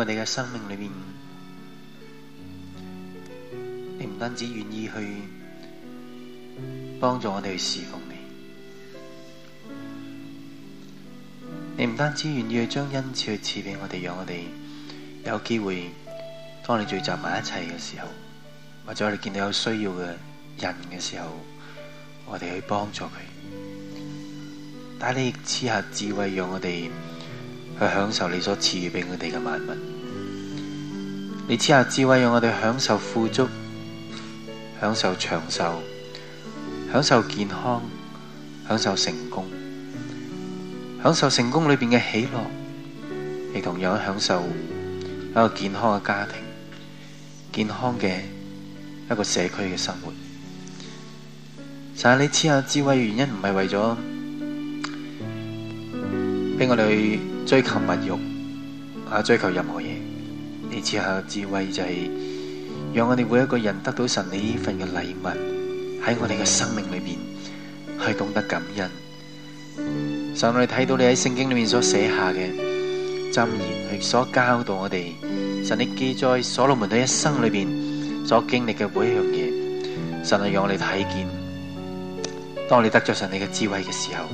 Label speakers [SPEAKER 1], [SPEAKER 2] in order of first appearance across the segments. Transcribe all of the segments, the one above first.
[SPEAKER 1] 我哋嘅生命裏面，你唔單止願意去幫助我哋去侍奉你，你唔單止願意去將恩賜去賜俾我哋，讓我哋有機會，當你聚集埋一齊嘅時候，或者我哋見到有需要嘅人嘅時候，我哋去幫助佢。但係你亦賜下智慧，讓我哋。去享受你所賜予俾我哋嘅萬物，你賜下智慧，讓我哋享受富足，享受長壽，享受健康，享受成功，享受成功裏邊嘅喜樂，你同樣享受一個健康嘅家庭，健康嘅一個社區嘅生活。但係你賜下智慧嘅原因唔係為咗畀我哋追求物欲啊，追求任何嘢，你之後嘅智慧就係、是、讓我哋每一個人得到神你呢份嘅禮物，喺我哋嘅生命裏邊去懂得感恩。神，我哋睇到你喺聖經裏面所寫下嘅箴言，去所教導我哋。神，你記載所羅門嘅一生裏邊所經歷嘅每一樣嘢，神，係讓我哋睇見。當你得咗神你嘅智慧嘅時候。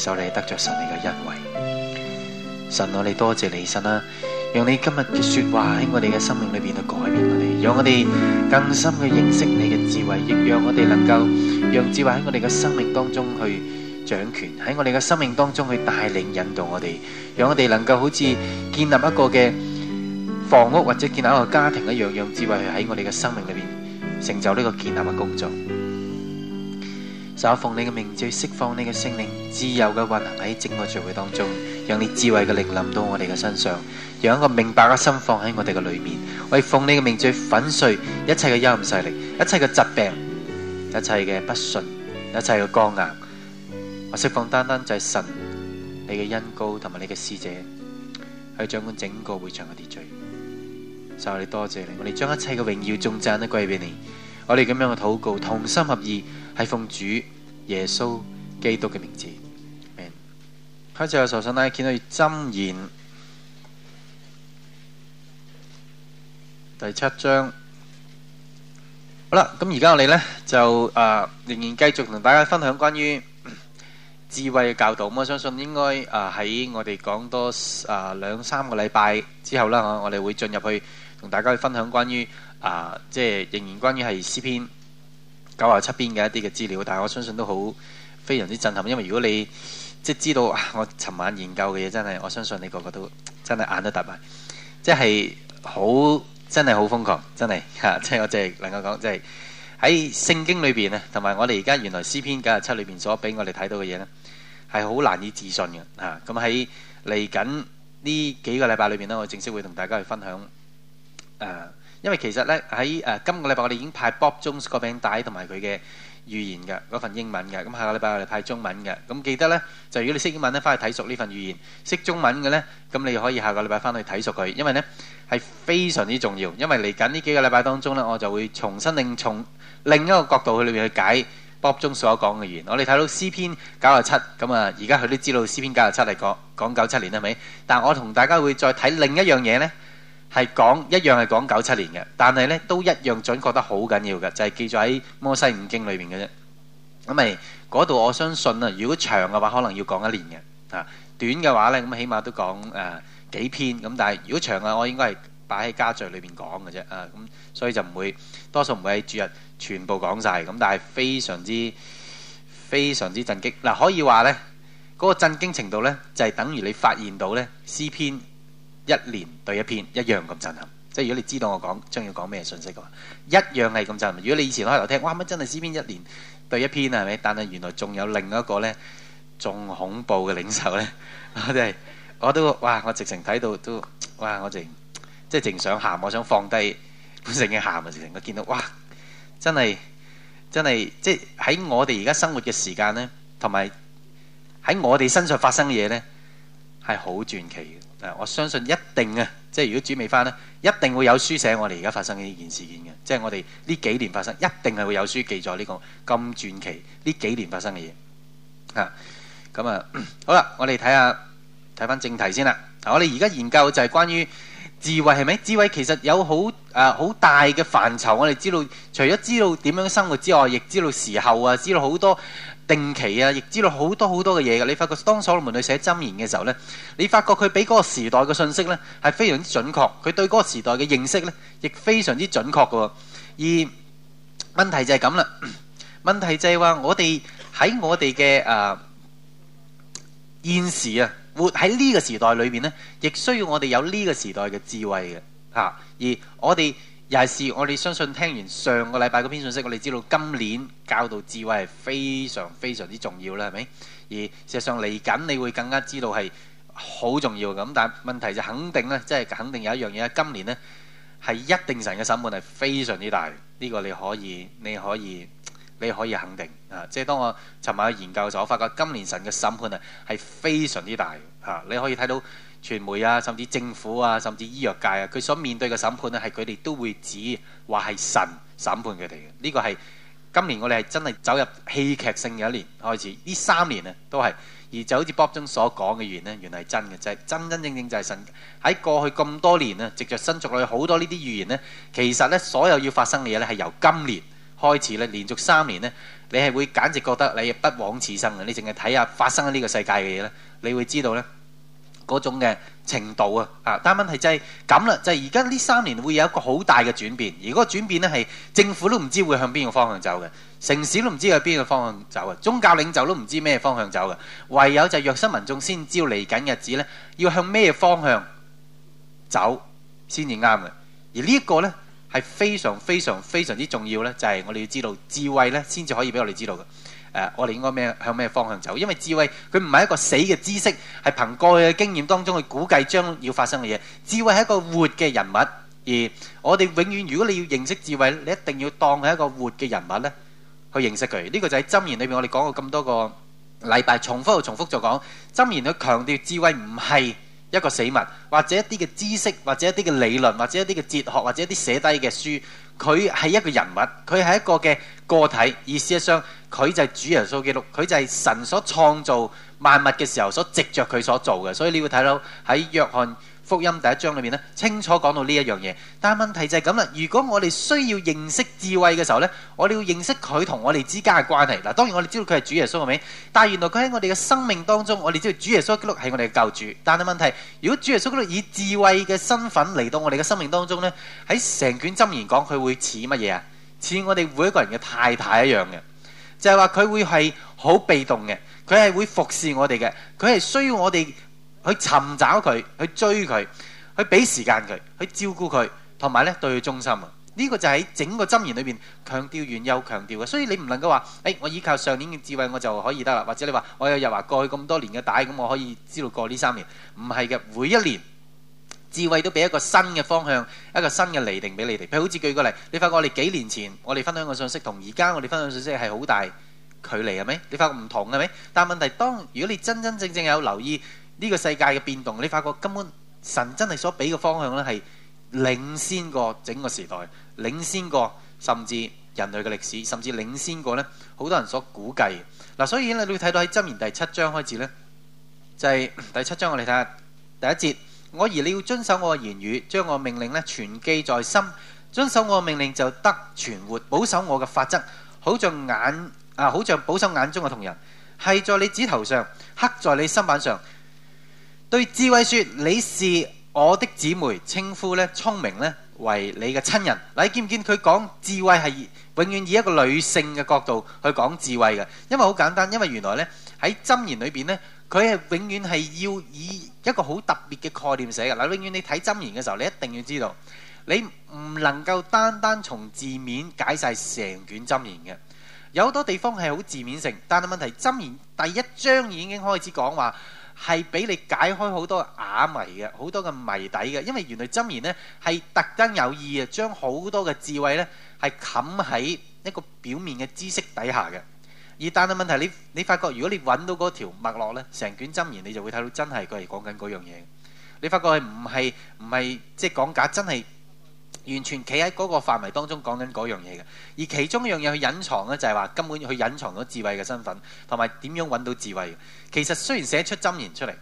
[SPEAKER 1] 手你得着神你嘅恩惠，神我哋多謝你神啦，讓你今日嘅說話喺我哋嘅生命裏邊去改變我哋，讓我哋更深去認識你嘅智慧，亦讓我哋能夠讓智慧喺我哋嘅生命當中去掌權，喺我哋嘅生命當中去帶領引導我哋，讓我哋能夠好似建立一個嘅房屋或者建立一個家庭一樣，讓智慧去喺我哋嘅生命裏邊成就呢個建立嘅工作。就奉你嘅名字釋放你嘅聖靈，自由嘅運行喺整個聚會當中，讓你智慧嘅靈臨到我哋嘅身上，讓一個明白嘅心放喺我哋嘅裏面。為奉你嘅名字粉碎一切嘅陰勢力，一切嘅疾病，一切嘅不順，一切嘅剛硬。我釋放單單就係神，你嘅恩膏同埋你嘅使者，去掌管整個會場嘅秩序。就係你，多謝你，我哋將一切嘅榮耀、頌讚都歸俾你。我哋咁樣嘅禱告，同心合意，係奉主耶穌基督嘅名字，amen。開始我受神帶領去鑽研箴言第七章。好啦，咁而家我哋咧就誒，仍然繼續同大家分享關於。智慧嘅教導，咁我相信應該啊喺、呃、我哋講多啊、呃、兩三個禮拜之後啦、啊，我哋會進入去同大家去分享關於啊、呃、即係仍然關於係詩篇九十七篇嘅一啲嘅資料，但我相信都好非常之震撼，因為如果你即係知道，我尋晚研究嘅嘢真係，我相信你個個都真係眼都突埋，即係好真係好瘋狂，真係、啊、即係我淨係能夠講即係。喺聖經裏邊啊，同埋我哋而家原來詩篇九十七裏邊所俾我哋睇到嘅嘢咧，係好難以置信嘅啊！咁喺嚟緊呢幾個禮拜裏邊咧，我正式會同大家去分享誒，因為其實咧喺誒今個禮拜我哋已經派 Bob Jones 個名帶同埋佢嘅預言嘅嗰份英文嘅，咁下個禮拜我哋派中文嘅。咁記得咧，就如果你識英文咧，翻去睇熟呢份預言；識中文嘅咧，咁你可以下個禮拜翻去睇熟佢，因為咧係非常之重要。因為嚟緊呢幾個禮拜當中咧，我就會重新另從另一個角度去裏面去解卜中所講嘅言，我哋睇到詩篇九十七，咁啊而家佢都知道詩篇九十七係講講九七年啦，係咪？但係我同大家會再睇另一樣嘢咧，係講一樣係講九七年嘅，但係咧都一樣準確得好緊要嘅，就係記載喺摩西五經裏面嘅啫。咁咪嗰度我相信啊，如果長嘅話，可能要講一年嘅啊；短嘅話咧，咁起碼都講誒幾篇咁。但係如果長嘅，我應該係擺喺家敘裏面講嘅啫啊。咁所以就唔會多數唔會喺主日。全部講晒咁，但係非常之非常之震驚。嗱，可以話咧，嗰個震驚程度咧，就係等於你發現到咧，詩篇一年對一篇一樣咁震撼。即係如果你知道我講將要講咩信息嘅話，一樣係咁震撼。如果你以前喺度聽，哇乜真係詩篇一年對一篇啊？係咪？但係原來仲有另一個咧，仲恐怖嘅領袖咧。我哋我都哇！我直情睇到都哇！我直即係直想喊，我想放低成日喊嘅事情。直情我見到哇！真係，真係，即係喺我哋而家生活嘅時間呢，同埋喺我哋身上發生嘅嘢呢，係好傳奇嘅。誒，我相信一定嘅，即係如果主未翻呢，一定會有書寫我哋而家發生嘅呢件事件嘅。即係我哋呢幾年發生，一定係會有書記載呢個咁傳奇呢幾年發生嘅嘢。嚇、啊，咁啊，好啦，我哋睇下，睇翻正題先啦。我哋而家研究就係關於。智慧係咪？智慧其實有好誒好大嘅範疇，我哋知道除咗知道點樣生活之外，亦知道時候啊，知道好多定期啊，亦知道好多好多嘅嘢嘅。你發覺當所羅門去寫箴言嘅時候咧，你發覺佢俾嗰個時代嘅信息咧係非常之準確，佢對嗰個時代嘅認識咧亦非常之準確嘅。而問題就係咁啦，問題就係話我哋喺我哋嘅誒現時啊。活喺呢個時代裏面呢，亦需要我哋有呢個時代嘅智慧嘅嚇、啊。而我哋又係試，尤其是我哋相信聽完上個禮拜嗰篇信息，我哋知道今年教導智慧係非常非常之重要啦，係咪？而事實上嚟緊，你會更加知道係好重要咁。但問題就肯定咧，即係肯定有一樣嘢，今年呢，係一定神嘅審判係非常之大。呢個你可以，你可以。你可以肯定啊！即係當我尋晚去研究嘅時候，我發覺今年神嘅審判啊，係非常之大嚇、啊。你可以睇到傳媒啊，甚至政府啊，甚至醫藥界啊，佢所面對嘅審判咧，係佢哋都會指話係神審判佢哋嘅。呢、這個係今年我哋係真係走入戲劇性嘅一年開始。呢三年啊，都係而就好似 Bob 中所講嘅語言咧，原嚟係真嘅，就係、是、真真正正就係神喺過去咁多年啊，藉著新族裏好多呢啲預言呢其實呢，所有要發生嘅嘢咧係由今年，開始咧，連續三年咧，你係會簡直覺得你不枉此生嘅。你淨係睇下發生喺呢個世界嘅嘢咧，你會知道咧嗰種嘅程度啊！啊，但問題就係咁啦，就係而家呢三年會有一個好大嘅轉變。而個轉變咧係政府都唔知會向邊個方向走嘅，城市都唔知向邊個方向走嘅，宗教領袖都唔知咩方向走嘅，唯有就弱勢民眾先知道嚟緊日子咧要向咩方向走先至啱嘅。而呢一個咧。係非常非常非常之重要呢就係，是，我哋要知道智慧呢先至可以俾我哋知道嘅。誒，呃，我哋應該咩向咩方向走？因為智慧佢唔係一個死嘅知識，係憑過去嘅經驗當中去估計將要發生嘅嘢。智慧係一個活嘅人物，而我哋永遠如果你要認識智慧，你一定要當係一個活嘅人物呢去認識佢。呢，這個就喺《箴言》裏面我哋講過咁多個禮拜，重複又重複就講《箴言》佢強調智慧唔係。一個死物，或者一啲嘅知識，或者一啲嘅理論，或者一啲嘅哲學，或者一啲寫低嘅書，佢係一個人物，佢係一個嘅個體。意思係，上佢就係主耶穌基督，佢就係神所創造萬物嘅時候所藉着佢所做嘅。所以你會睇到喺約翰福音第一章裏面咧，清楚講到呢一樣嘢，但係問題就係咁啦。如果我哋需要認識智慧嘅時候呢，我哋要認識佢同我哋之間嘅關係。嗱，當然我哋知道佢係主耶穌係咪？但係原來佢喺我哋嘅生命當中，我哋知道主耶穌基督係我哋嘅救主。但係問題，如果主耶穌基督以智慧嘅身份嚟到我哋嘅生命當中呢，喺成卷箴言講佢會似乜嘢啊？似我哋每一個人嘅太太一樣嘅，就係話佢會係好被動嘅，佢係會服侍我哋嘅，佢係需要我哋。去尋找佢，去追佢，去俾時間佢，去照顧佢，同埋咧對佢忠心啊！呢、這個就喺整個箴言裏邊強調、完又、強調嘅。所以你唔能夠話，誒、哎，我依靠上年嘅智慧我就可以得啦。或者你話我有日話過去咁多年嘅帶，咁我可以知道過呢三年？唔係嘅，每一年智慧都俾一個新嘅方向，一個新嘅釐定俾你哋。譬如好似舉個例，你發覺我哋幾年前我哋分享嘅信息，同而家我哋分享嘅信息係好大距離，係咪？你發覺唔同，係咪？但問題當如果你真真正正有留意。呢、這個世界嘅變動，你發覺根本神真係所俾嘅方向咧，係領先過整個時代，領先過甚至人類嘅歷史，甚至領先過咧好多人所估計嗱、啊。所以你會睇到喺箴言第七章開始咧，就係、是、第七章我哋睇下第一節，我兒你要遵守我嘅言語，將我命令咧存記在心，遵守我命令就得存活，保守我嘅法則，好像眼啊，好像保守眼中嘅瞳仁，係在你指頭上，刻在你心板上，對智慧説：你是我的姊妹，稱呼咧聰明咧為你嘅親人。嗱，你見唔見佢講智慧係永遠以一個女性嘅角度去講智慧嘅？因為好簡單，因為原來咧喺箴言裏邊咧，佢係永遠係要以一個好特別嘅概念寫嘅。嗱，永遠你睇箴言嘅時候，你一定要知道，你唔能夠單單從字面解曬成卷箴言嘅。有好多地方係好字面性，但係問題，箴言第一章已經開始講話。係俾你解開好多啞謎嘅，好多嘅謎底嘅。因為原來針言呢係特登有意啊，將好多嘅智慧呢係冚喺一個表面嘅知識底下嘅。而但係問題是你，你你發覺如果你揾到嗰條脈絡呢，成卷針言你就會睇到真係佢係講緊嗰樣嘢。你發覺係唔係唔係即係講假真係？完全企喺嗰個範圍當中講緊嗰樣嘢嘅，而其中一樣嘢去隱藏咧就係話根本要去隱藏咗智慧嘅身份，同埋點樣揾到智慧。其實雖然寫出箴言出嚟，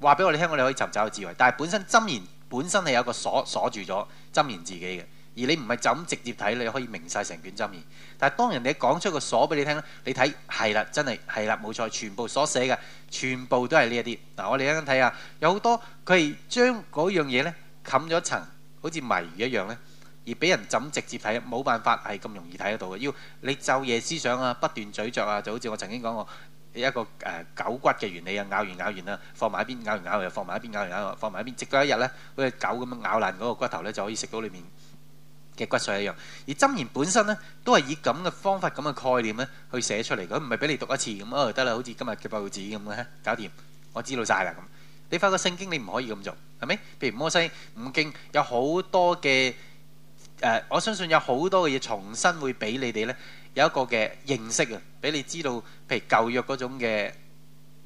[SPEAKER 1] 話俾我哋聽，我哋可以尋找到智慧，但係本身箴言本身係有個鎖鎖住咗箴言自己嘅。而你唔係就咁直接睇，你可以明晒成卷箴言。但係當人哋講出個鎖俾你聽，你睇，係啦，真係係啦，冇錯，全部所寫嘅，全部都係呢一啲。嗱，我哋一陣睇下，有好多佢係將嗰樣嘢呢冚咗層。好似謎語一樣呢，而俾人怎直接睇？冇辦法係咁容易睇得到嘅。要你晝夜思想啊，不斷咀嚼啊，就好似我曾經講過一個誒、呃、狗骨嘅原理啊，咬完咬完啦，放埋一邊，咬完咬又放埋一邊，咬完咬又放埋一邊，直到一日呢，好似狗咁樣咬爛嗰個骨頭呢，就可以食到裡面嘅骨髓一樣。而箴言本身呢，都係以咁嘅方法、咁嘅概念呢去寫出嚟。佢唔係俾你讀一次咁啊、哦，得啦。好似今日嘅報紙咁嘅，搞掂，我知道晒啦。咁你發覺聖經你唔可以咁做。係咪？譬如摩西五經有好多嘅誒、呃，我相信有好多嘅嘢重新會俾你哋咧，有一個嘅認識啊，俾你知道，譬如舊約嗰種嘅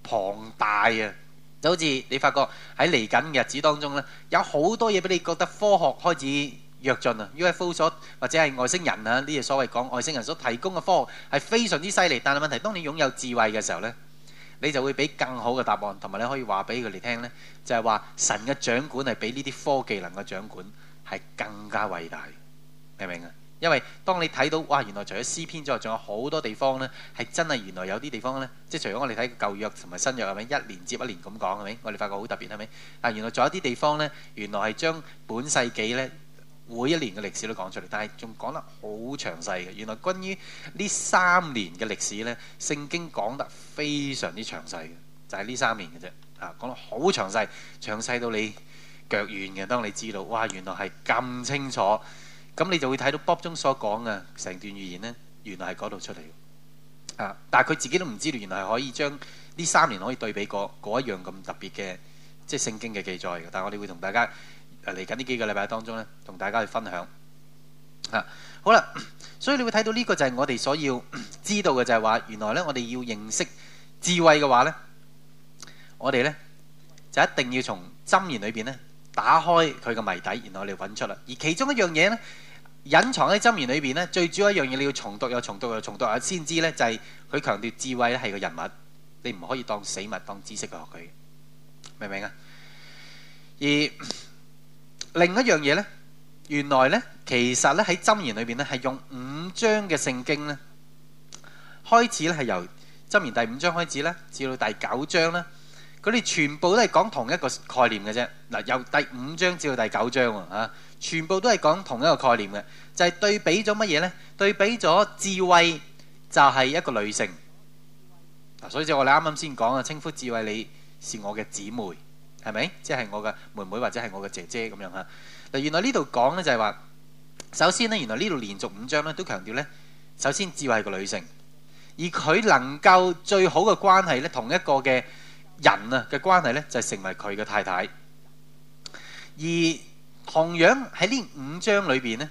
[SPEAKER 1] 龐大啊，就好似你發覺喺嚟緊日子當中咧，有好多嘢俾你覺得科學開始弱進啊，UFO 所或者係外星人啊呢啲所謂講外星人所提供嘅科學係非常之犀利，但係問題當你擁有智慧嘅時候咧。你就會俾更好嘅答案，同埋你可以話俾佢哋聽呢就係話神嘅掌管係比呢啲科技能嘅掌管係更加偉大，明唔明啊？因為當你睇到哇，原來除咗詩篇之外，仲有好多地方呢，係真係原來有啲地方呢，即係除咗我哋睇舊約同埋新約係咪一年接一年咁講係咪？我哋發覺好特別係咪？啊，原來仲有啲地方呢，原來係將本世紀呢。每一年嘅歷史都講出嚟，但係仲講得好詳細嘅。原來關於呢三年嘅歷史呢，聖經講得非常之詳細嘅，就係呢三年嘅啫。啊，講得好詳細，詳細到你腳軟嘅。當你知道，哇，原來係咁清楚，咁你就會睇到 Bob 中所講嘅成段語言呢，原來係嗰度出嚟嘅。啊，但係佢自己都唔知道，原來係可以將呢三年可以對比過嗰一樣咁特別嘅，即係聖經嘅記載嘅。但係我哋會同大家。嚟緊呢幾個禮拜當中咧，同大家去分享嚇、啊。好啦，所以你會睇到呢個就係我哋所要知道嘅，就係、是、話原來咧，我哋要認識智慧嘅話咧，我哋咧就一定要從箴言裏邊咧打開佢嘅謎底，然後嚟揾出啦。而其中一樣嘢咧，隱藏喺箴言裏邊咧，最主要一樣嘢你要重讀又重讀又重讀啊，先知咧就係佢強調智慧咧係個人物，你唔可以當死物當知識嚟學佢，明唔明啊？而另一樣嘢咧，原來咧，其實咧喺箴言裏邊咧，係用五章嘅聖經咧，開始咧係由箴言第五章開始咧，至到第九章咧，佢哋全部都係講同一個概念嘅啫。嗱，由第五章至到第九章啊，全部都係講同一個概念嘅，就係對比咗乜嘢咧？對比咗智慧就係一個女性。嗱，所以就我哋啱啱先講啊，稱呼智慧你是我嘅姊妹。係咪？即係我嘅妹妹或者係我嘅姐姐咁樣吓。嗱，原來呢度講咧就係話，首先咧，原來呢度連續五章咧都強調咧，首先智慧係個女性，而佢能夠最好嘅關係咧，同一個嘅人啊嘅關係咧，就係成為佢嘅太太。而同樣喺呢五章裏邊咧，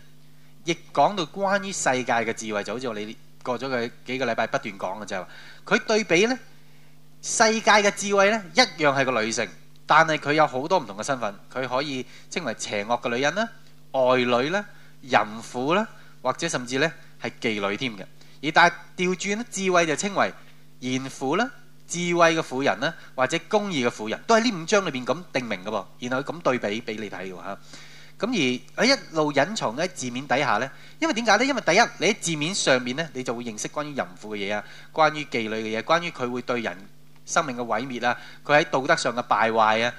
[SPEAKER 1] 亦講到關於世界嘅智慧，就好似我哋過咗嘅幾個禮拜不斷講嘅就係話，佢對比咧，世界嘅智慧咧一樣係個女性。但係佢有好多唔同嘅身份，佢可以稱為邪惡嘅女人啦、外女啦、淫婦啦，或者甚至咧係妓女添嘅。而但係調轉咧，智慧就稱為賢婦啦、智慧嘅婦人啦，或者公義嘅婦人都係呢五章裏邊咁定名嘅噃，然後咁對比俾你睇嘅喎嚇。咁而喺一路隱藏喺字面底下呢，因為點解呢？因為第一，你喺字面上面呢，你就會認識關於淫婦嘅嘢啊，關於妓女嘅嘢，關於佢會對人生命嘅毀滅啊，佢喺道德上嘅敗壞啊，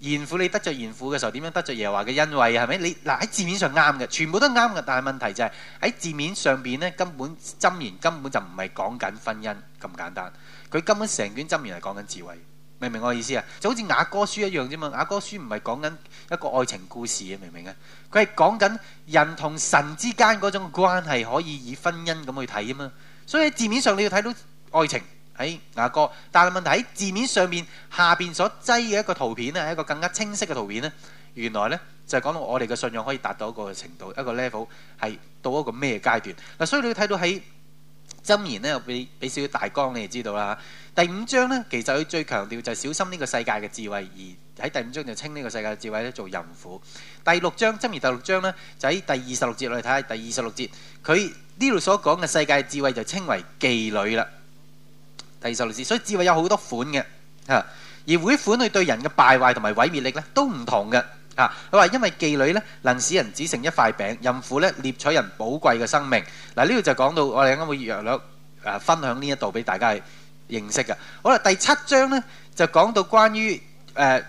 [SPEAKER 1] 嚴父你得罪嚴父嘅時候點樣得罪耶和華嘅恩惠啊，係咪？你嗱喺字面上啱嘅，全部都啱嘅，但係問題就係，喺字面上邊咧，根本箴言根本就唔係講緊婚姻咁簡單，佢根本成卷箴言係講緊智慧，明唔明我意思啊？就好似雅歌書一樣啫嘛，雅歌書唔係講緊一個愛情故事嘅，明唔明啊？佢係講緊人同神之間嗰種關係可以以婚姻咁去睇啊嘛，所以喺字面上你要睇到愛情。喺亞哥，但係問題喺字面上面下邊所擠嘅一個圖片呢，係一個更加清晰嘅圖片呢原來呢，就係、是、講到我哋嘅信仰可以達到一個程度，一個 level 係到一個咩階段嗱、啊。所以你要睇到喺箴言呢，俾俾少少大綱，你就知道啦嚇、啊。第五章呢，其實佢最強調就係小心呢個世界嘅智慧，而喺第五章就稱呢個世界嘅智慧咧做淫婦。第六章箴言第六章呢，就喺第二十六節我哋睇下。看看第二十六節佢呢度所講嘅世界智慧就稱為妓女啦。第二十六節，所以智慧有好多款嘅嚇，而每款佢對人嘅敗壞同埋毀滅力咧都唔同嘅嚇。佢話因為妓女咧能使人只剩一塊餅，淫婦咧獵取人寶貴嘅生命嗱。呢度就講到我哋啱啱會略略誒分享呢一度俾大家去認識嘅。好啦，第七章咧就講到關於誒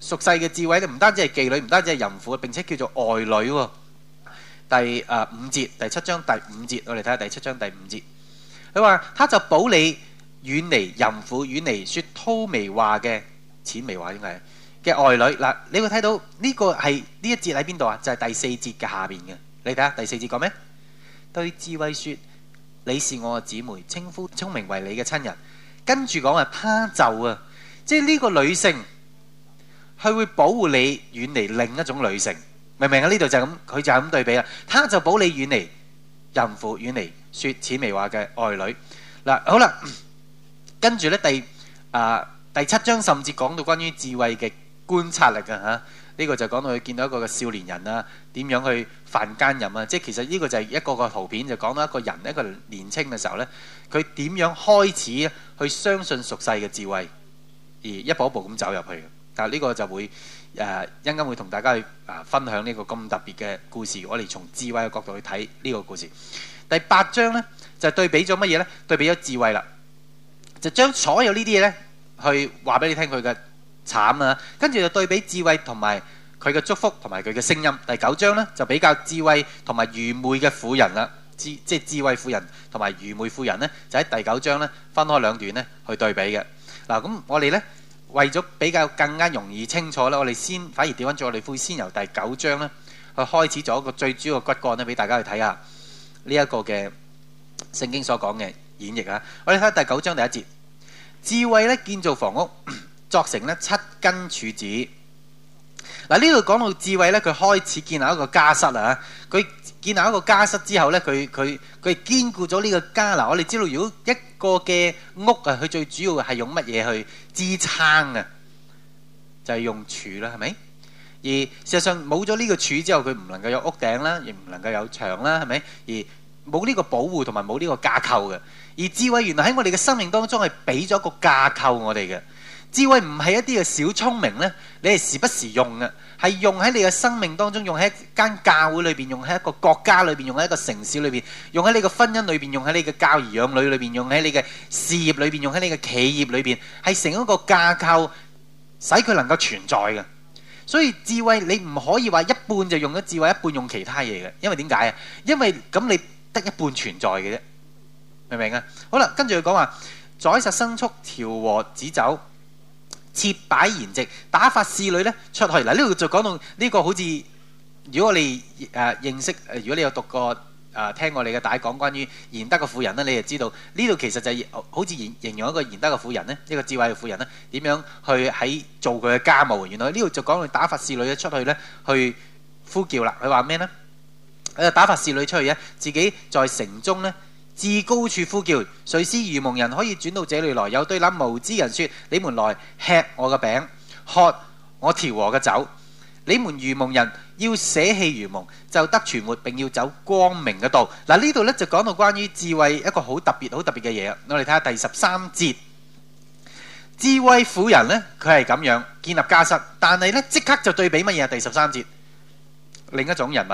[SPEAKER 1] 屬世嘅智慧咧，唔單止係妓女，唔單止係淫婦，並且叫做外女。第誒五節，第七章第五節，我哋睇下第七章第五節。佢話他就保你。遠離淫婦、遠離說粗眉話嘅諂媚話，應該嘅外女嗱，你會睇到呢、這個係呢一節喺邊度啊？就係、是、第四節嘅下面嘅，你睇下第四節講咩？對智慧說：你是我嘅姊妹，稱呼聰明為你嘅親人。跟住講啊，他就啊，即係呢個女性，佢會保護你遠離另一種女性，明唔明啊？呢度就係咁，佢就係咁對比啦。他就保你遠離淫婦、遠離說諂媚話嘅外女嗱，好啦。跟住咧，第啊第七章甚至講到關於智慧嘅觀察力啊，嚇、這、呢個就講到佢見到一個嘅少年人啊，點樣去犯奸淫啊？即係其實呢個就係一個個圖片，就講到一個人一個年輕嘅時候呢，佢點樣開始去相信俗世嘅智慧，而一步一步咁走入去。但係呢個就會誒，一陣間、啊、一陣間會同大家去啊分享呢個咁特別嘅故事。我哋從智慧嘅角度去睇呢個故事。第八章呢，就對比咗乜嘢呢？對比咗智慧啦。就將所有呢啲嘢呢去話俾你聽佢嘅慘啊！跟住就對比智慧同埋佢嘅祝福同埋佢嘅聲音。第九章呢就比較智慧同埋愚昧嘅婦人啦。智即係智慧婦人同埋愚昧婦人呢，就喺第九章呢分開兩段呢去對比嘅。嗱咁我哋呢為咗比較更加容易清楚呢，我哋先反而調翻轉，我哋會先由第九章呢去開始做一個最主要嘅骨幹呢，俾大家去睇下呢一個嘅聖經所講嘅。演繹啊！我哋睇第九章第一節，智慧咧，建造房屋，作成咧七根柱子。嗱呢度講到智慧咧，佢開始建立一個家室啦。佢建立一個家室之後咧，佢佢佢兼顧咗呢個家。嗱我哋知道，如果一個嘅屋啊，佢最主要係用乜嘢去支撐啊？就係、是、用柱啦，係咪？而事實上冇咗呢個柱之後，佢唔能夠有屋頂啦，亦唔能夠有牆啦，係咪？而冇呢個保護同埋冇呢個架構嘅。而智慧原來喺我哋嘅生命當中係俾咗個架構。我哋嘅智慧唔係一啲嘅小聰明呢，你係時不時用嘅，係用喺你嘅生命當中，用喺間教會裏邊，用喺一個國家裏邊，用喺一個城市裏邊，用喺你嘅婚姻裏邊，用喺你嘅教兒養女裏邊，用喺你嘅事業裏邊，用喺你嘅企業裏邊，係成一個架構使佢能夠存在嘅。所以智慧你唔可以話一半就用咗智慧，一半用其他嘢嘅，因為點解啊？因為咁你得一半存在嘅啫。明唔明啊？好啦，跟住佢講話宰殺牲畜，調和旨酒，設擺筵席，打發侍女咧出去。嗱，呢度就講到呢個好似，如果你誒、呃、認識，如果你有讀過誒、呃、聽我哋嘅大講關於賢德嘅婦人咧，你就知道呢度其實就是、好似形容一個賢德嘅婦人呢，一個智慧嘅婦人呢，點樣去喺做佢嘅家務。原來呢度就講到打發侍女出去咧，去呼叫啦。佢話咩呢？佢就打發侍女出去啊！自己在城中咧。至高處呼叫，誰是愚蒙人可以轉到這裏來？有對那無知人說：你們來吃我嘅餅，喝我調和嘅酒。你們愚蒙人要捨棄愚蒙，就得存活，並要走光明嘅道。嗱、啊，呢度咧就講到關於智慧一個好特別、好特別嘅嘢。我哋睇下第十三節，智慧婦人呢，佢係咁樣建立家室，但係呢即刻就對比乜嘢？第十三節另一種人物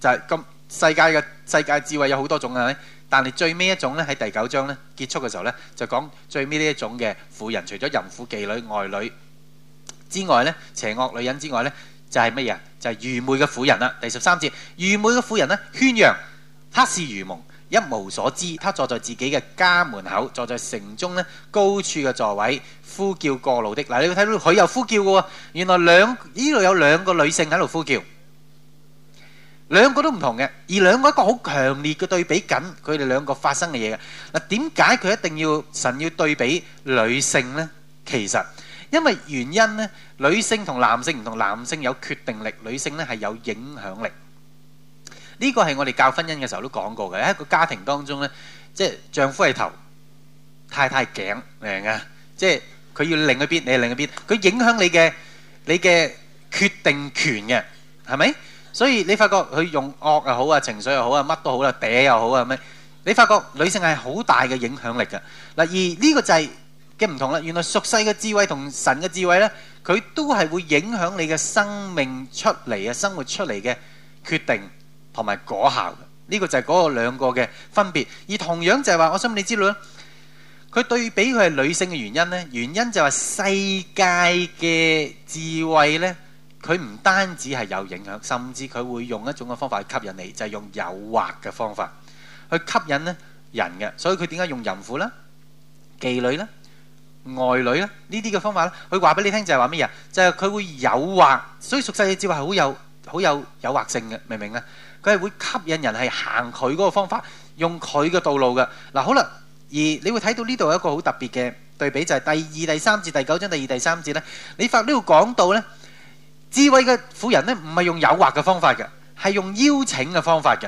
[SPEAKER 1] 就係、是、咁。世界嘅世界智慧有好多種，係咪？但係最尾一種咧，喺第九章咧結束嘅時候咧，就講最尾呢一種嘅婦人，除咗淫婦、妓女、外女之外咧，邪惡女人之外咧，就係乜嘢？就係愚昧嘅婦人啦。第十三節，愚昧嘅婦人咧，喧嚷，她是愚蒙，一無所知。她坐在自己嘅家門口，坐在城中咧高處嘅座位，呼叫過路的。嗱，你會睇到佢有呼叫嘅喎。原來兩呢度有兩個女性喺度呼叫。兩個都唔同嘅，而兩個一個好強烈嘅對比緊，佢哋兩個發生嘅嘢嘅。嗱，點解佢一定要神要對比女性呢？其實因為原因呢，女性同男性唔同，男性有決定力，女性呢係有影響力。呢個係我哋教婚姻嘅時候都講過嘅。喺一個家庭當中呢，即係丈夫係頭，太太頸明㗎，即係佢要另一邊，你係另一邊，佢影響你嘅你嘅決定權嘅，係咪？所以你發覺佢用惡又好啊情緒又好啊乜都好啦嗲又好啊咩？你發覺女性係好大嘅影響力嘅嗱。而呢個就係嘅唔同啦。原來俗世嘅智慧同神嘅智慧咧，佢都係會影響你嘅生命出嚟啊，生活出嚟嘅決定同埋果效。呢個就係嗰個兩個嘅分別。而同樣就係話，我想問你知道啦，佢對比佢係女性嘅原因咧，原因就係世界嘅智慧咧。佢唔單止係有影響，甚至佢會用一種嘅方法去吸引你，就係、是、用誘惑嘅方法去吸引咧人嘅。所以佢點解用淫婦呢？妓女呢？外女呢？呢啲嘅方法呢？佢話俾你聽就係話咩嘢？就係、是、佢會誘惑，所以屬世嘅説話係好有好有誘惑性嘅，明唔明啊？佢係會吸引人係行佢嗰個方法，用佢嘅道路嘅嗱、啊。好啦，而你會睇到呢度有一個好特別嘅對比，就係、是、第二、第三節第九章第二、第三節呢。你發呢度講到呢。智慧嘅婦人咧，唔係用誘惑嘅方法嘅，係用邀請嘅方法嘅。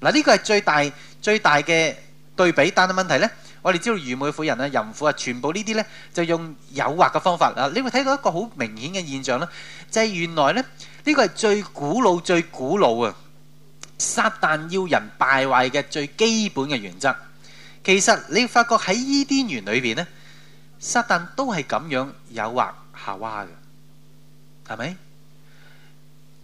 [SPEAKER 1] 嗱、這、呢個係最大最大嘅對比，但係問題咧，我哋知道愚昧嘅婦人啊、淫婦啊，全部呢啲咧就用誘惑嘅方法啊。你會睇到一個好明顯嘅現象啦，就係、是、原來咧呢、這個係最古老、最古老啊，撒旦要人敗壞嘅最基本嘅原則。其實你發覺喺伊甸園裏邊咧，撒旦都係咁樣誘惑夏娃嘅，係咪？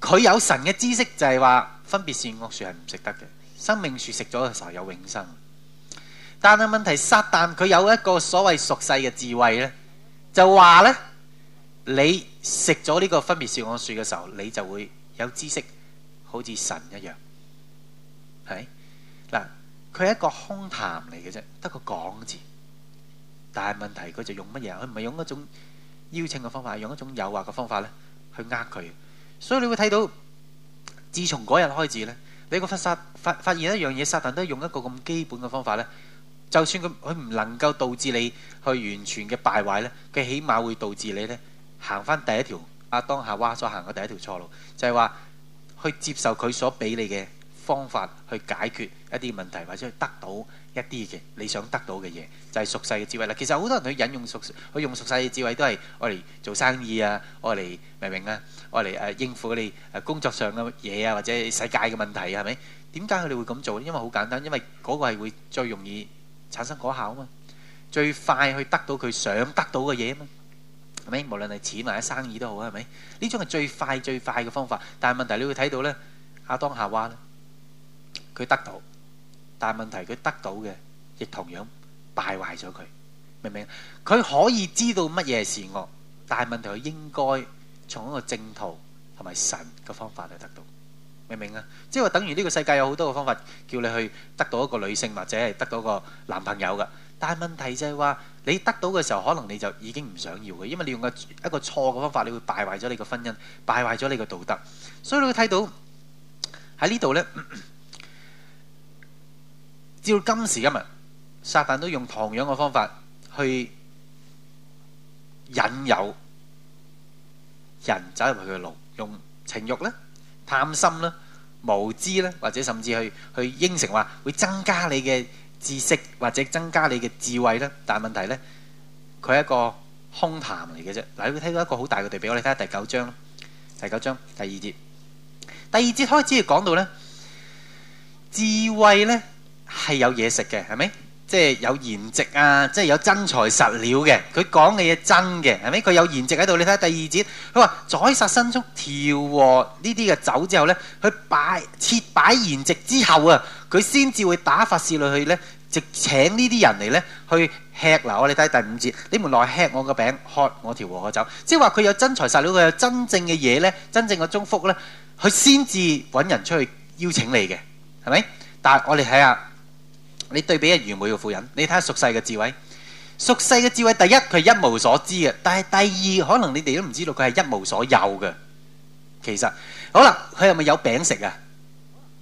[SPEAKER 1] 佢有神嘅知識，就係話分別善惡樹係唔食得嘅，生命樹食咗嘅時候有永生。但係問題撒旦佢有一個所謂俗世嘅智慧呢，就話呢：「你食咗呢個分別善惡樹嘅時候，你就會有知識，好似神一樣。」係嗱，佢係一個空談嚟嘅啫，得個講字。但係問題佢就用乜嘢？佢唔係用一種邀請嘅方法，係用一種誘惑嘅方法呢去呃佢。所以你會睇到，自從嗰日開始呢，你個發,發,發現一樣嘢，撒旦都用一個咁基本嘅方法呢，就算佢佢唔能夠導致你去完全嘅敗壞呢，佢起碼會導致你呢，行翻第一條亞當夏娃所行嘅第一條錯路，就係話去接受佢所俾你嘅方法去解決一啲問題，或者去得到。一啲嘅你想得到嘅嘢，就係俗世嘅智慧啦。其實好多人去引用俗，佢用俗世嘅智慧都係愛嚟做生意啊，愛嚟明唔明啊？愛嚟誒應付佢哋誒工作上嘅嘢啊，或者世界嘅問題啊，係咪？點解佢哋會咁做咧？因為好簡單，因為嗰個係會最容易產生嗰下啊嘛，最快去得到佢想得到嘅嘢啊嘛，係咪？無論係錢或者生意都好啊，係咪？呢種係最快最快嘅方法。但係問題你會睇到咧，亞當夏娃咧，佢得到。但係問題，佢得到嘅，亦同樣敗壞咗佢，明唔明？佢可以知道乜嘢係善惡，但係問題佢應該從一個正途同埋神嘅方法去得到，明唔明啊？即係話等於呢個世界有好多嘅方法叫你去得到一個女性或者係得到一個男朋友㗎，但係問題就係話你得到嘅時候，可能你就已經唔想要嘅，因為你用個一個錯嘅方法，你會敗壞咗你嘅婚姻，敗壞咗你嘅道德，所以你會睇到喺呢度呢。照今時今日，撒旦都用同樣嘅方法去引誘人走入去佢嘅路，用情慾咧、貪心咧、無知咧，或者甚至去去應承話會增加你嘅知識或者增加你嘅智慧咧。但係問題呢，佢係一個空談嚟嘅啫。嗱，你會睇到一個好大嘅對比，我哋睇下第九章囉，第九章第二節，第二節開始去講到呢智慧呢。係有嘢食嘅，係咪？即係有筵席啊！即係有真材實料嘅。佢講嘅嘢真嘅，係咪？佢有筵席喺度。你睇下第二節，佢話宰殺牲畜、調和呢啲嘅酒之後呢，佢擺設擺筵席之後啊，佢先至會打發使女去呢，就請呢啲人嚟呢去吃。嗱，我哋睇第五節，你們來吃我個餅，喝我調和嘅酒，即係話佢有真材實料，佢有真正嘅嘢呢，真正嘅祝福呢，佢先至揾人出去邀請你嘅，係咪？但係我哋睇下。你對比阿愚昧嘅婦人，你睇下熟世嘅智慧，熟世嘅智慧，第一佢係一無所知嘅，但係第二可能你哋都唔知道佢係一無所有嘅。其實，好啦，佢係咪有餅食啊？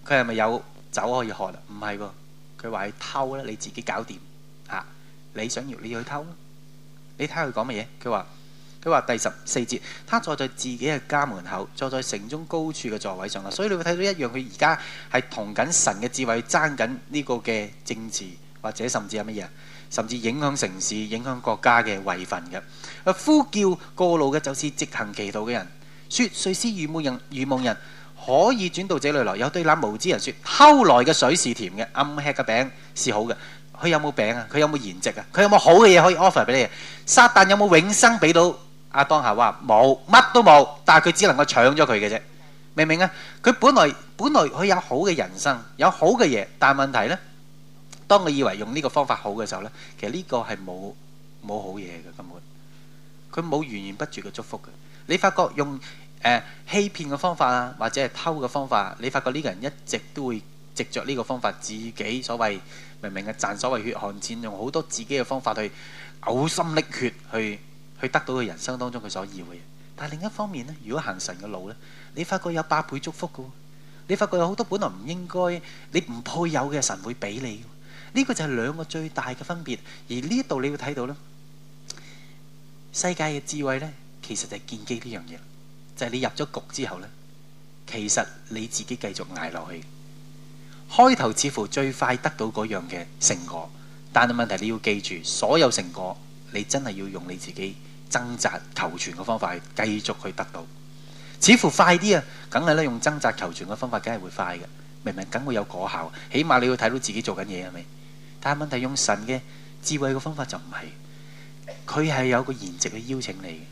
[SPEAKER 1] 佢係咪有酒可以喝啦？唔係喎，佢話去偷啦，你自己搞掂嚇、啊。你想要你要去偷，你睇下佢講乜嘢？佢話。佢話第十四節，他坐在自己嘅家門口，坐在城中高處嘅座位上啦。所以你會睇到一樣，佢而家係同緊神嘅智慧爭緊呢個嘅政治，或者甚至係乜嘢，甚至影響城市、影響國家嘅位份嘅。呼叫過路嘅就是直行其道嘅人，説誰是愚蒙人，愚蒙人可以轉到這裏來。有對那無知人説：偷來嘅水是甜嘅，暗吃嘅餅是好嘅。佢有冇餅啊？佢有冇筵席啊？佢有冇好嘅嘢可以 offer 俾你？撒旦有冇永生俾到？阿當下話冇，乜都冇，但係佢只能夠搶咗佢嘅啫，明唔明啊？佢本來本來佢有好嘅人生，有好嘅嘢，但係問題咧，當你以為用呢個方法好嘅時候呢，其實呢個係冇冇好嘢嘅根本，佢冇源源不絕嘅祝福嘅。你發覺用誒、呃、欺騙嘅方法啊，或者係偷嘅方法，你發覺呢個人一直都會籍着呢個方法自己所謂明明係賺所謂血汗錢，用好多自己嘅方法去嘔心瀝血去。去得到佢人生當中佢所要嘅嘢，但係另一方面咧，如果行神嘅路咧，你發覺有百倍祝福噶，你發覺有好多本來唔應該，你唔配有嘅神會俾你，呢、這個就係兩個最大嘅分別。而呢一度你會睇到咧，世界嘅智慧咧，其實就係建基呢樣嘢，就係、是、你入咗局之後咧，其實你自己繼續捱落去，開頭似乎最快得到嗰樣嘅成果，但係問題是你要記住，所有成果。你真係要用你自己掙扎求全嘅方法去繼續去得到，似乎快啲啊，梗係咧，用掙扎求全嘅方法，梗係會快嘅。明明梗會有果效，起碼你要睇到自己做緊嘢係咪？但係問題用神嘅智慧嘅方法就唔係，佢係有個筵席，去邀請你。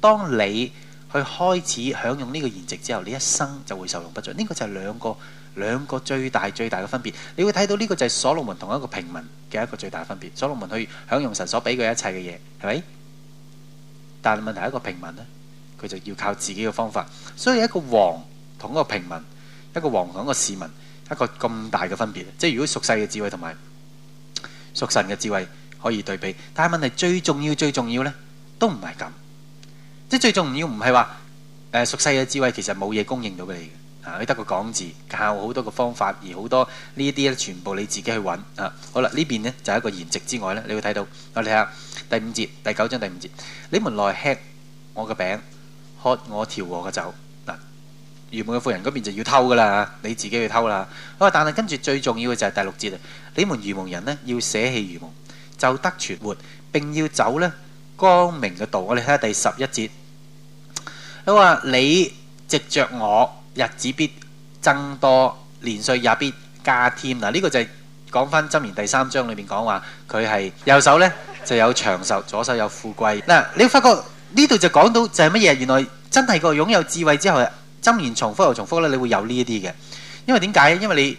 [SPEAKER 1] 當你去開始享用呢個筵席之後，你一生就會受用不盡。呢、這個就係兩個。兩個最大最大嘅分別，你會睇到呢個就係所羅門同一個平民嘅一個最大分別。所羅門去享用神所俾佢一切嘅嘢，係咪？但係問題係一個平民呢，佢就要靠自己嘅方法。所以一個王同一個平民，一個王同一個市民，一個咁大嘅分別。即係如果屬世嘅智慧同埋屬神嘅智慧可以對比，但係問題最重要最重要呢，都唔係咁。即係最重要唔係話，誒屬世嘅智慧其實冇嘢供應到佢哋啊！你得個講字，靠好多個方法，而好多呢啲咧，全部你自己去揾啊。好啦，呢邊呢就係、是、一個筵席之外咧，你會睇到我哋睇下第五節第九章第五節。你們來吃我個餅，喝我調和嘅酒嗱，愚蒙嘅婦人嗰邊就要偷噶啦，你自己去偷啦。好啦，但係跟住最重要嘅就係第六節啊。你們愚蒙人呢，要捨棄愚蒙，就得存活，並要走呢光明嘅道。我哋睇下第十一節，我話你藉著我。日子必增多，年歲也必加添。嗱、啊，呢、這個就係講翻《箴言》第三章裏面講話，佢係右手呢就有長壽，左手有富貴。嗱、啊，你會發覺呢度就講到就係乜嘢？原來真係個擁有智慧之後，《箴言》重複又重複呢，你會有呢一啲嘅。因為點解？因為你。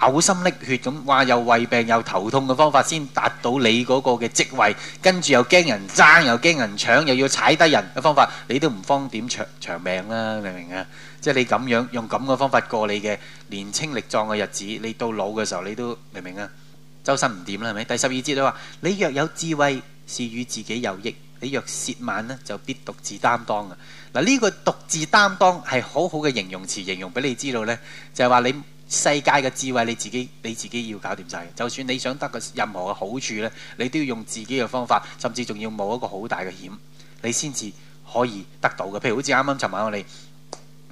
[SPEAKER 1] 嘔心瀝血咁話，又胃病又頭痛嘅方法先達到你嗰個嘅職位，跟住又驚人爭，又驚人搶，又要踩低人嘅方法，你都唔方便長長命啦，明唔明啊？即係你咁樣用咁嘅方法過你嘅年青力壯嘅日子，你到老嘅時候你，你都明唔明啊？周身唔掂啦，係咪？第十二節都話：你若有智慧，是與自己有益；你若褻慢呢，就必獨自擔當啊！嗱，呢個獨自擔當係好好嘅形容詞，形容俾你知道呢，就係話你。世界嘅智慧你自己你自己要搞掂晒。就算你想得嘅任何嘅好處咧，你都要用自己嘅方法，甚至仲要冒一個好大嘅險，你先至可以得到嘅。譬如好似啱啱尋晚我哋，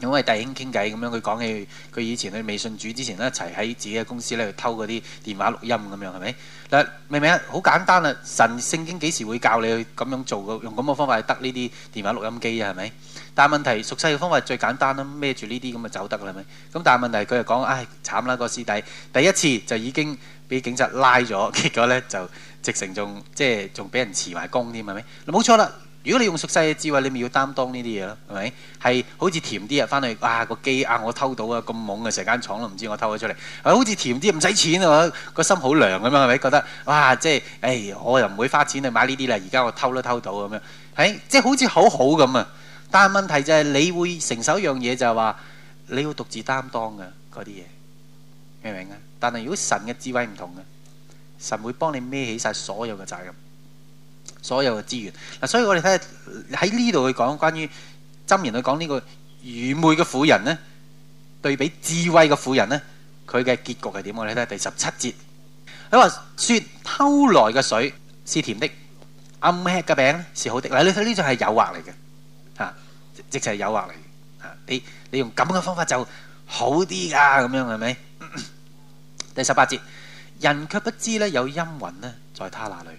[SPEAKER 1] 因為弟兄傾偈咁樣，佢講起佢以前去微信主之前咧，一齊喺自己嘅公司呢去偷嗰啲電話錄音咁樣，係咪？嗱，明唔明啊？好簡單啊！神聖經幾時會教你去咁樣做嘅？用咁嘅方法去得呢啲電話錄音機啊？係咪？但係問題熟悉嘅方法最簡單啦，孭住呢啲咁就走得啦，係咪？咁但係問題佢又講，唉慘啦、個師弟第一次就已經俾警察拉咗，結果呢就直成仲即係仲俾人辭埋工添啊，係咪？冇錯啦，如果你用熟悉嘅智慧，你咪要擔當呢啲嘢咯，係咪？係好似甜啲啊，翻去：「啊個機啊我偷到啊，咁懵嘅成間廠都唔知我偷咗出嚟，啊好似甜啲唔使錢啊，個心好涼咁啊，係咪覺得？哇即係，唉我又唔會花錢去買呢啲啦，而家我偷都偷到咁樣，係即係好，好似好好咁啊！但係問題就係，你會承受一樣嘢，就係話你要獨自擔當嘅嗰啲嘢，明唔明啊？但係如果神嘅智慧唔同嘅，神會幫你孭起曬所有嘅責任，所有嘅資源。嗱，所以我哋睇下喺呢度去講關於箴言去講呢個愚昧嘅婦人咧，對比智慧嘅婦人咧，佢嘅結局係點嘅咧？我哋睇下第十七節，佢話：説偷來嘅水是甜的，暗吃嘅餅咧是好的。嗱，你睇呢種係誘惑嚟嘅。直情係誘惑嚟嘅，你你用咁嘅方法就好啲㗎，咁樣係咪？第十八節，人卻不知咧有陰魂咧在他那裡，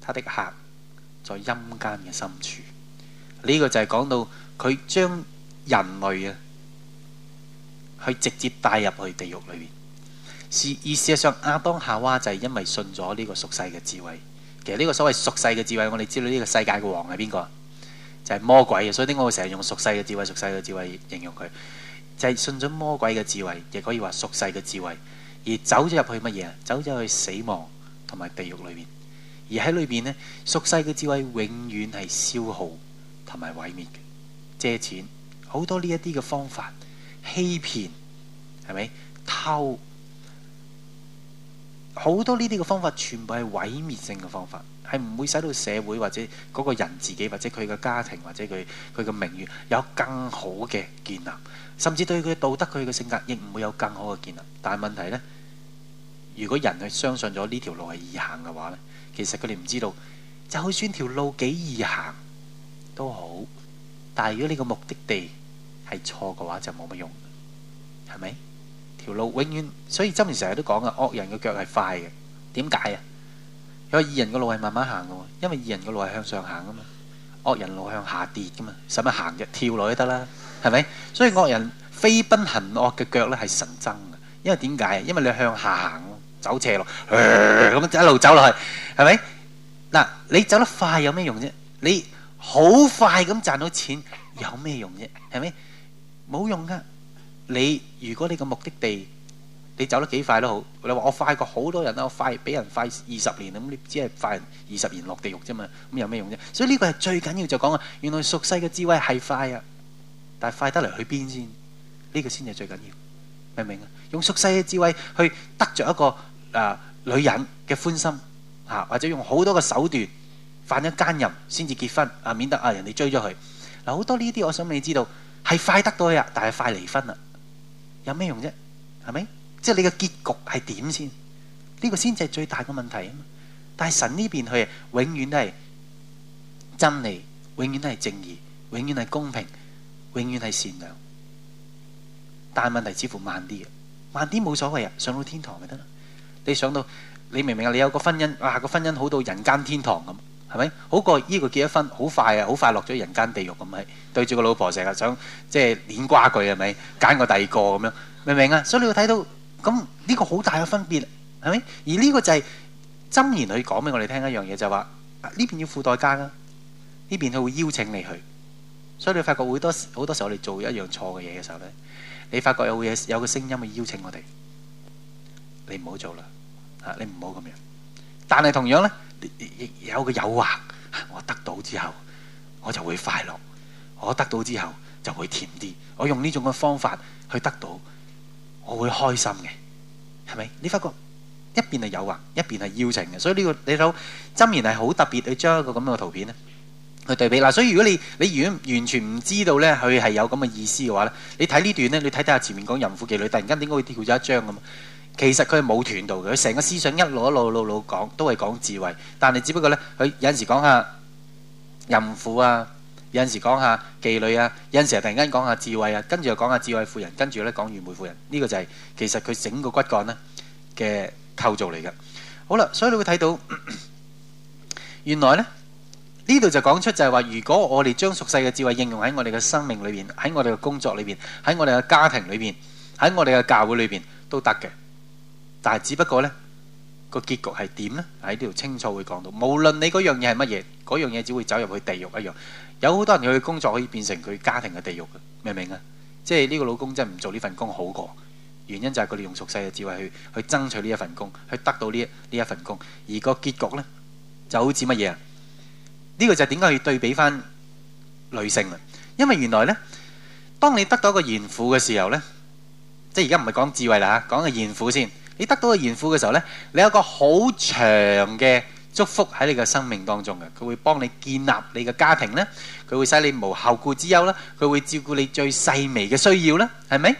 [SPEAKER 1] 他的客在陰間嘅深處。呢、這個就係講到佢將人類啊，去直接帶入去地獄裏面。是而事實上，亞當夏娃就係因為信咗呢個俗世嘅智慧。其實呢個所謂俗世嘅智慧，我哋知道呢個世界嘅王係邊個？就係魔鬼嘅，所以呢，我成日用俗世嘅智慧、俗世嘅智慧形容佢，就係信咗魔鬼嘅智慧，亦可以話俗世嘅智慧。而走咗入去乜嘢啊？走咗入去死亡同埋地獄裏面。而喺裏邊呢，俗世嘅智慧永遠係消耗同埋毀滅嘅。借錢好多呢一啲嘅方法，欺騙係咪偷？好多呢啲嘅方法，全部係毀滅性嘅方法。係唔會使到社會或者嗰個人自己，或者佢嘅家庭，或者佢佢嘅名譽有更好嘅建立，甚至對佢嘅道德、佢嘅性格亦唔會有更好嘅建立。但係問題呢，如果人係相信咗呢條路係易行嘅話呢，其實佢哋唔知道，就算條路幾易行都好，但係如果你個目的地係錯嘅話就沒用，就冇乜用，係咪？條路永遠，所以周明成日都講啊，惡人嘅腳係快嘅，點解啊？佢話：義人個路係慢慢行㗎，因為義人個路係向上行㗎嘛，惡人路向下跌㗎嘛，使乜行嘅？跳落都得啦，係咪？所以惡人飛奔行惡嘅腳咧係神憎㗎，因為點解？因為你向下行咯，走斜路咁一路走落去，係咪？嗱，你走得快有咩用啫？你好快咁賺到錢有咩用啫？係咪？冇用噶，你如果你個目的地。你走得幾快都好，你話我快過好多人啦，我快俾人快二十年啦。咁你只係快人二十年落地獄啫嘛，咁有咩用啫？所以呢個係最緊要就講啊，原來俗世嘅智慧係快啊，但係快得嚟去邊先？呢、這個先係最緊要，明唔明啊？用俗世嘅智慧去得着一個啊、呃、女人嘅歡心嚇，或者用好多嘅手段犯咗奸淫先至結婚啊，免得啊人哋追咗佢嗱。好多呢啲，我想你知道係快得到佢啊，但係快離婚啦，有咩用啫？係咪？即係你嘅結局係點先？呢、這個先至係最大嘅問題啊！但係神呢邊佢永遠都係真理，永遠都係正義，永遠係公平，永遠係善良。但係問題似乎慢啲嘅，慢啲冇所謂啊！上到天堂咪得啦。你上到你明唔明啊？你有個婚姻，哇、啊、個婚姻好到人間天堂咁，係咪？好過依個結咗婚好快啊，好快落咗人間地獄咁係。對住個老婆成日想即係攣瓜佢，係咪，揀個第二個咁樣，明唔明啊？所以你會睇到。咁、這、呢個好大嘅分別，係咪？而呢個就係箴言去講俾我哋聽一樣嘢，就話呢邊要付代價啦。呢邊佢會邀請你去，所以你發覺好多好多時候，我哋做一樣錯嘅嘢嘅時候咧，你發覺有嘢有個聲音去邀請我哋，你唔好做啦，嚇你唔好咁樣。但係同樣咧，有個誘惑，我得到之後我就會快樂，我得到之後就會甜啲，我用呢種嘅方法去得到。我會開心嘅，係咪？你發覺一邊係誘惑，一邊係邀請嘅，所以呢個你睇到箴言係好特別，佢將一個咁樣嘅圖片咧，去對比嗱。所以如果你你如果完全唔知道咧，佢係有咁嘅意思嘅話咧，你睇呢段咧，你睇睇下前面講淫婦妓女，突然間點解會跳咗一章咁啊？其實佢係冇斷到嘅，佢成個思想一路一路一路講，都係講智慧，但係只不過咧，佢有陣時講下淫婦啊。有陣時講下妓女啊，有陣時突然間講下智慧啊，跟住又講下智慧婦人，跟住咧講愚昧婦人，呢、呢個就係其實佢整個骨幹咧嘅構造嚟嘅。好啦，所以你會睇到原來呢，呢度就講出就係話，如果我哋將屬世嘅智慧應用喺我哋嘅生命裏面、喺我哋嘅工作裏面、喺我哋嘅家庭裏面、喺我哋嘅教會裏邊都得嘅。但係只不過呢，個結局係點呢？喺呢度清楚會講到，無論你嗰樣嘢係乜嘢，嗰樣嘢只會走入去地獄一樣。有好多人佢嘅工作可以變成佢家庭嘅地獄，明唔明啊？即係呢個老公真係唔做呢份工好過，原因就係佢哋用俗世嘅智慧去去爭取呢一份工，去得到呢呢一份工，而個結局呢，就好似乜嘢啊？呢、呢個就係點解要對比翻女性啊？因為原來呢，當你得到個賢婦嘅時候呢，即係而家唔係講智慧啦嚇，講個賢婦先。你得到個賢婦嘅時候呢，你有個好長嘅。祝福喺你嘅生命當中嘅，佢會幫你建立你嘅家庭咧，佢會使你無後顧之憂啦，佢會照顧你最細微嘅需要啦，係咪？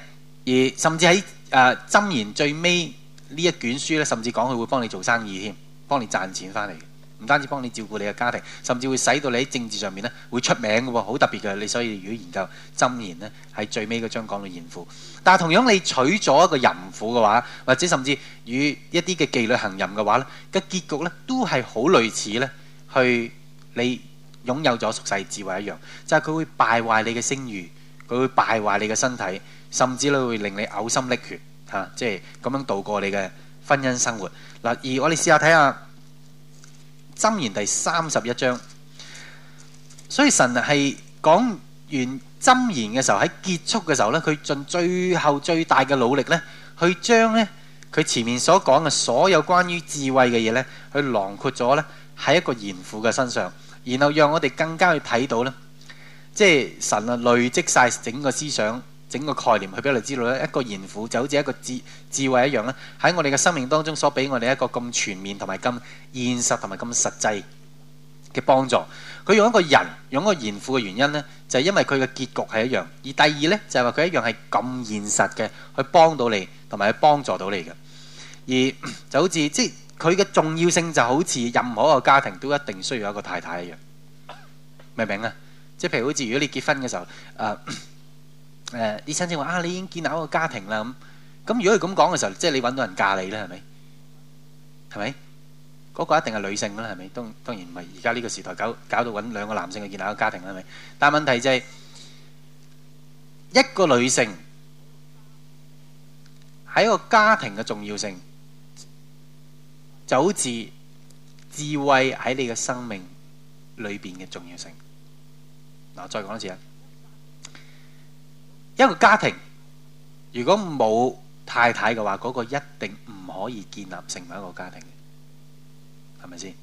[SPEAKER 1] 而甚至喺誒、呃、箴言，最尾呢一卷書咧，甚至講佢會幫你做生意添，幫你賺錢翻嚟。唔單止幫你照顧你嘅家庭，甚至會使到你喺政治上面咧會出名嘅喎，好特別嘅。你所以如果研究箴言咧，喺最尾嗰章講到淫婦，但係同樣你娶咗一個淫婦嘅話，或者甚至與一啲嘅妓女行淫嘅話咧，嘅結局咧都係好類似咧，去你擁有咗俗世智慧一樣，就係、是、佢會敗壞你嘅聲譽，佢會敗壞你嘅身體，甚至咧會令你嘔心力血、嘔心瀝血。嚇，即係咁樣度過你嘅婚姻生活。嗱，而我哋試下睇下。箴言第三十一章，所以神係講完箴言嘅時候，喺結束嘅時候咧，佢盡最後最大嘅努力咧，去將咧佢前面所講嘅所有關於智慧嘅嘢咧，去囊括咗咧，喺一個賢婦嘅身上，然後讓我哋更加去睇到咧，即係神啊累積晒整個思想。整個概念去俾我哋知道咧，一個賢婦就好似一個智智慧一樣咧，喺我哋嘅生命當中所俾我哋一個咁全面同埋咁現實同埋咁實際嘅幫助。佢用一個人用一個賢婦嘅原因呢，就係因為佢嘅結局係一樣。而第二呢，就係話佢一樣係咁現實嘅去幫到你同埋去幫助到你嘅。而就好似即係佢嘅重要性就好似任何一個家庭都一定需要一個太太一樣，明唔明啊？即係譬如好似如果你結婚嘅時候，誒、呃。誒啲親戚話：啊，你已經建立一個家庭啦咁。咁如果佢咁講嘅時候，即係你揾到人嫁你啦，係咪？係咪？嗰個一定係女性啦，係咪？當當然唔係而家呢個時代搞搞到揾兩個男性去建立一個家庭啦，係咪？但問題就係一個女性喺一個家庭嘅重要性，就好似智慧喺你嘅生命裏邊嘅重要性。嗱，再講一次啊！一個家庭如果冇太太嘅話，嗰、那個一定唔可以建立成為一個家庭，係咪先？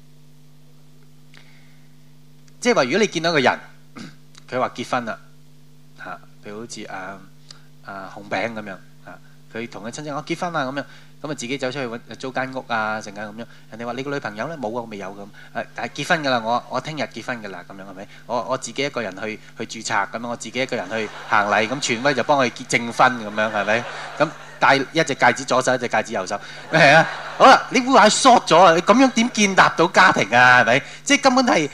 [SPEAKER 1] 即係話如果你見到一個人，佢話結婚啦，吓，譬如好似誒誒紅餅咁樣，吓，佢同佢親戚講，啊，結婚啦咁樣。咁啊，自己走出去揾租間屋啊，成間咁樣。人哋話你個女朋友呢冇啊，未有咁。誒，但係結婚㗎啦，我我聽日結婚㗎啦，咁樣係咪？我我自己一個人去去註冊咁啊，我自己一個人去行禮，咁全威就幫我結證婚咁樣係咪？咁戴一隻戒指左手，一隻戒指右手係啊？好啦，你會話縮咗啊？你咁樣點建立到家庭啊？係咪？即係根本係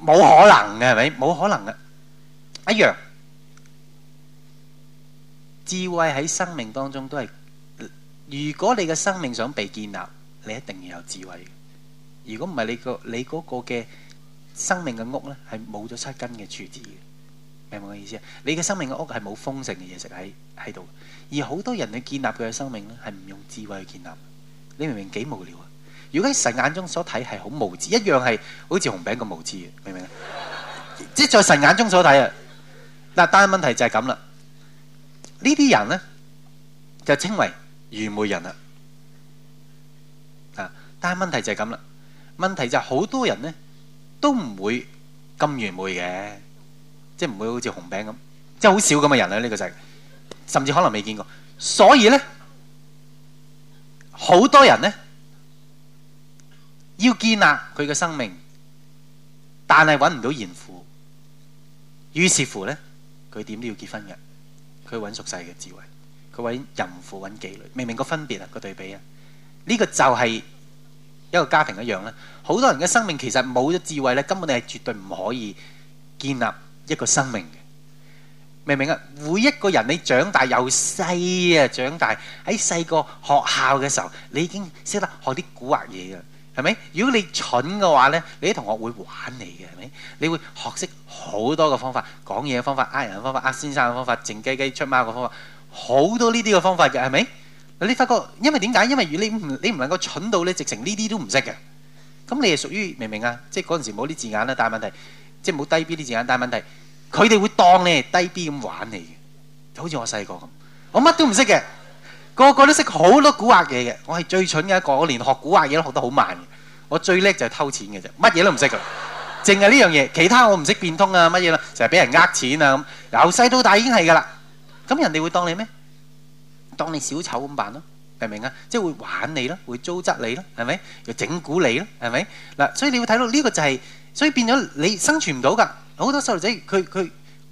[SPEAKER 1] 冇可能嘅，係咪？冇可能嘅一樣智慧喺生命當中都係。如果你嘅生命想被建立，你一定要有智慧。如果唔係，你個你嗰個嘅生命嘅屋咧，係冇咗七根嘅柱子嘅，明唔明我意思啊？你嘅生命嘅屋係冇豐盛嘅嘢食喺喺度，而好多人去建立佢嘅生命咧，係唔用智慧去建立。你明唔明？幾無聊啊！如果喺神眼中所睇係好無知，一樣係好似紅餅咁無知嘅，明唔明啊？即係在神眼中所睇啊！嗱，但係問題就係咁啦，呢啲人咧就稱為。愚昧人啦、啊，啊！但係問題就係咁啦，問題就係好多人呢，都唔會咁愚昧嘅，即係唔會好似紅餅咁，即係好少咁嘅人咧、啊、呢、呢個就係，甚至可能未見過。所以呢，好多人呢，要建立佢嘅生命，但係揾唔到賢婦，於是乎呢，佢點都要結婚嘅，佢揾熟世嘅智慧。佢揾淫婦揾妓女，明唔明個分別啊？個對比啊，呢個就係一個家庭一樣啦。好多人嘅生命其實冇咗智慧咧，根本你係絕對唔可以建立一個生命嘅。明唔明啊？每一個人你長大又細啊，長大喺細個學校嘅時候，你已經識得學啲古惑嘢㗎，係咪？如果你蠢嘅話咧，你啲同學會玩你嘅，係咪？你會學識好多個方法，講嘢嘅方法，呃人嘅方法，呃先生嘅方法，靜雞雞出貓嘅方法。好多呢啲嘅方法嘅，係咪？你發覺，因為點解？因為你唔你唔能夠蠢到咧，你直情呢啲都唔識嘅。咁你係屬於明唔明啊？即係嗰陣時冇啲字眼啦，大問題即係冇低 B 啲字眼，大問題佢哋會當你係低 B 咁玩你嘅，就好似我細個咁，我乜都唔識嘅，個個都識好多古惑嘢嘅，我係最蠢嘅一個，我連學古惑嘢都學得好慢，我最叻就係偷錢嘅啫，乜嘢都唔識嘅，淨係呢樣嘢，其他我唔識變通啊乜嘢啦，成日俾人呃錢啊咁，由細到大已經係㗎啦。咁人哋會當你咩？當你小丑咁辦咯，明唔明啊？即係會玩你啦，會糟質你啦，係咪？又整蠱你啦，係咪？嗱，所以你會睇到呢個就係、是，所以變咗你生存唔到噶。好多細路仔，佢佢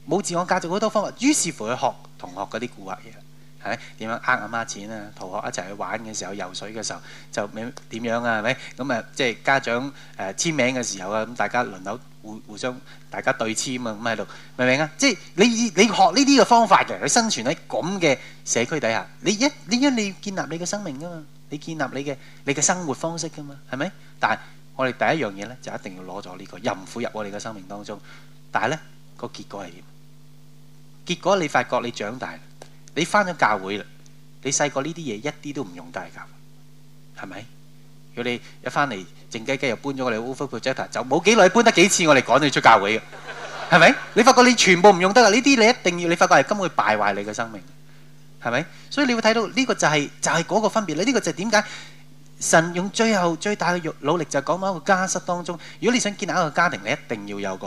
[SPEAKER 1] 冇自我價值，好多方法，於是乎去學同學嗰啲蠱惑嘢，係點樣呃阿媽錢啊？同學一齊去玩嘅時候，游水嘅時候就點樣啊？係咪？咁啊，即係家長誒簽名嘅時候啊，咁大家輪流。互互相大家對黐啊嘛，咁喺度明唔明啊？即係你你學呢啲嘅方法嘅，佢生存喺咁嘅社區底下，你一你一你要建立你嘅生命噶嘛，你建立你嘅你嘅生活方式噶嘛，係咪？但係我哋第一樣嘢咧，就一定要攞咗呢個入庫入我哋嘅生命當中。但係咧個結果係點？結果你發覺你長大，你翻咗教會啦，你細個呢啲嘢一啲都唔用得係㗎，係咪？如果你一翻嚟。靜雞雞又搬咗我哋烏夫 projector，就冇幾耐搬得幾次，我哋趕你出教會嘅，係咪？你發覺你全部唔用得啦，呢啲你一定要，你發覺係根本會敗壞你嘅生命，係咪？所以你會睇到呢個就係就係嗰個分別咧，呢個就係點解神用最後最大嘅用努力就講到一個家室當中，如果你想建立一個家庭，你一定要有個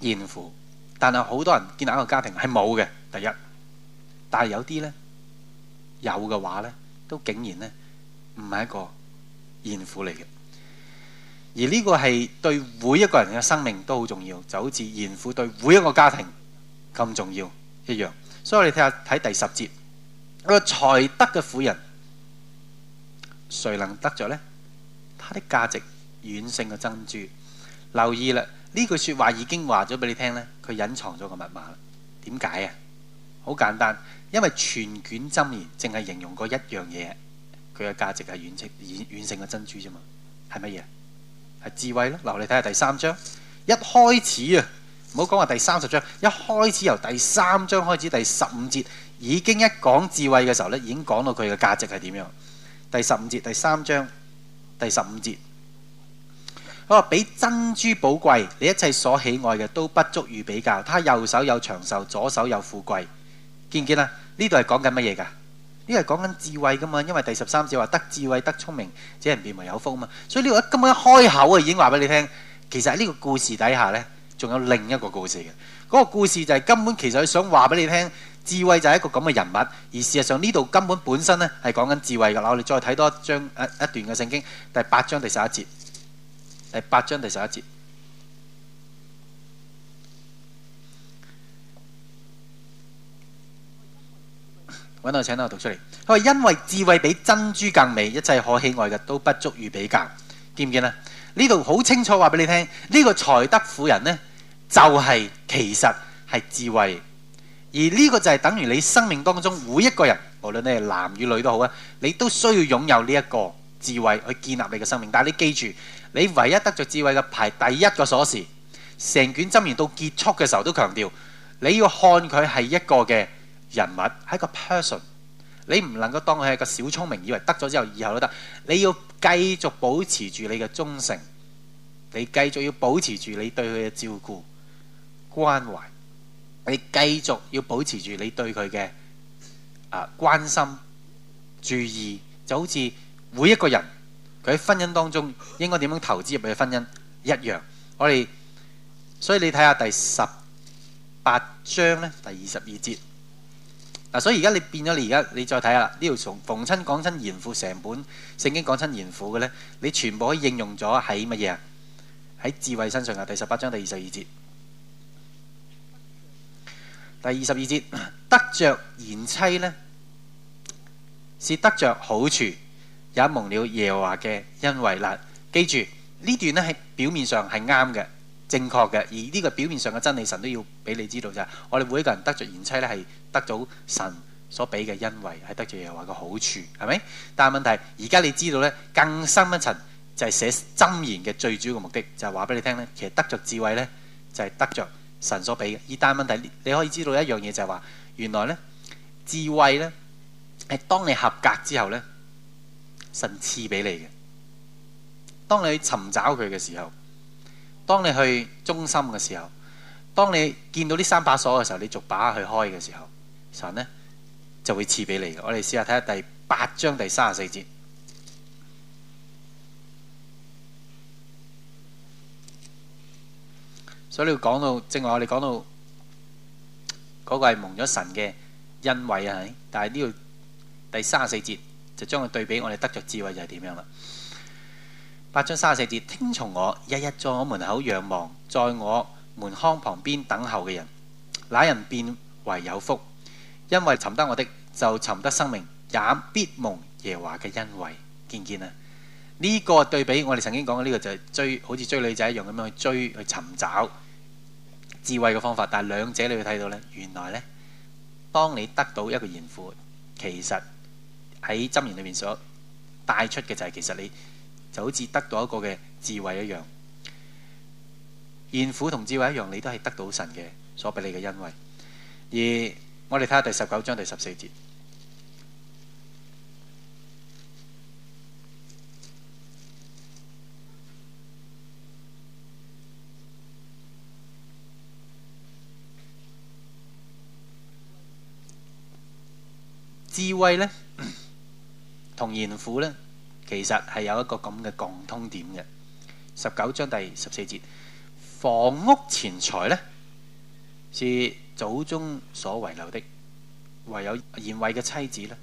[SPEAKER 1] 賢婦，但係好多人建立一個家庭係冇嘅，第一。但係有啲咧有嘅話咧，都竟然咧唔係一個。賢婦嚟嘅，而呢個係對每一個人嘅生命都好重要，就好似賢婦對每一個家庭咁重要一樣。所以我哋睇下睇第十節，一、那個才德嘅婦人，誰能得着呢？的價」他的價值遠勝嘅珍珠。留意啦，呢句說話已經話咗俾你聽呢佢隱藏咗個密碼。點解啊？好簡單，因為全卷箴言淨係形容過一樣嘢。佢嘅價值係遠成遠遠嘅珍珠啫嘛，係乜嘢？係智慧咯。嗱，你睇下第三章，一開始啊，唔好講話第三十章，一開始由第三章開始，第十五節已經一講智慧嘅時候咧，已經講到佢嘅價值係點樣。第十五節第三章第十五節，佢話比珍珠寶貴，你一切所喜愛嘅都不足與比較。他右手有長壽，左手有富貴，見唔見啊？呢度係講緊乜嘢噶？呢個係講緊智慧噶嘛，因為第十三節話得智慧得聰明，這人便為有福嘛。所以呢個根本一開口啊，已經話俾你聽，其實喺呢個故事底下呢，仲有另一個故事嘅。嗰、那個故事就係、是、根本其實佢想話俾你聽，智慧就係一個咁嘅人物，而事實上呢度根本本，本身呢，係講緊智慧嘅。嗱，我哋再睇多一章一一段嘅聖經，第八章第十一節，第八章第十一節。搵度請到我讀出嚟。佢話，因為智慧比珍珠更美，一切可喜愛嘅都不足以比較。見唔見啊？呢度好清楚話俾你聽，呢、這個才德婦人呢，就係、是、其實係智慧。而呢個就係等於你生命當中每一個人，無論你係男與女都好啊，你都需要擁有呢一個智慧去建立你嘅生命。但係你記住，你唯一得着智慧嘅排第一個鎖匙。成卷箴言到結束嘅時候都強調，你要看佢係一個嘅。人物係一個 person，你唔能夠當佢係個小聰明，以為得咗之後以後都得。你要繼續保持住你嘅忠誠，你繼續要保持住你對佢嘅照顧、關懷，你繼續要保持住你對佢嘅啊關心、注意，就好似每一個人佢喺婚姻當中應該點樣投資入去嘅婚姻一樣。我哋所以你睇下第十八章咧，第二十二節。嗱、啊，所以而家你變咗，你而家你再睇下，呢條從逢親講親嚴父，整本聖經講親嚴父嘅咧，你全部可以應用咗喺乜嘢？喺智慧身上啊，第十八章第二十二節，第二十二節得着賢妻咧，是得着好處，也蒙了耶和華嘅恩惠啦、啊。記住這段呢段咧係表面上係啱嘅。正確嘅，而呢個表面上嘅真理，神都要俾你知道。就係我哋每一個人得着賢妻咧，係得到神所俾嘅恩惠，係得着耶和華嘅好處，係咪？但係問題而家你知道咧，更深一層就係寫箴言嘅最主要嘅目的，就係話俾你聽咧。其實得着智慧咧，就係得着神所俾嘅。而但係問題，你可以知道一樣嘢就係話，原來咧智慧咧係當你合格之後咧，神賜俾你嘅。當你尋找佢嘅時候。當你去忠心嘅時候，當你見到呢三把鎖嘅時候，你逐把去開嘅時候，神呢就會賜俾你嘅。我哋試下睇下第八章第三十四節。所以你講到，正話我哋講到嗰個係蒙咗神嘅恩惠啊，係，但係呢度第三十四節就將佢對比，我哋得着智慧就係點樣啦。八章三十四節，聽從我一一在我門口仰望，在我門框旁邊等候嘅人，那人便為有福，因為尋得我的就尋得生命，也必蒙耶華嘅恩惠。見唔見啊？呢、這個對比，我哋曾經講過呢個就係追好似追女仔一樣咁樣去追去尋找智慧嘅方法。但係兩者你會睇到呢，原來呢，當你得到一個賢婦，其實喺箴言裏面所帶出嘅就係、是、其實你。就好似得到一個嘅智慧一樣，賢婦同智慧一樣，你都係得到神嘅所俾你嘅恩惠。而我哋睇下第十九章第十四節，智慧咧，同賢婦咧。其實係有一個咁嘅共通點嘅，十九章第十四節，房屋錢財呢，是祖宗所遺留的，唯有賢惠嘅妻子呢，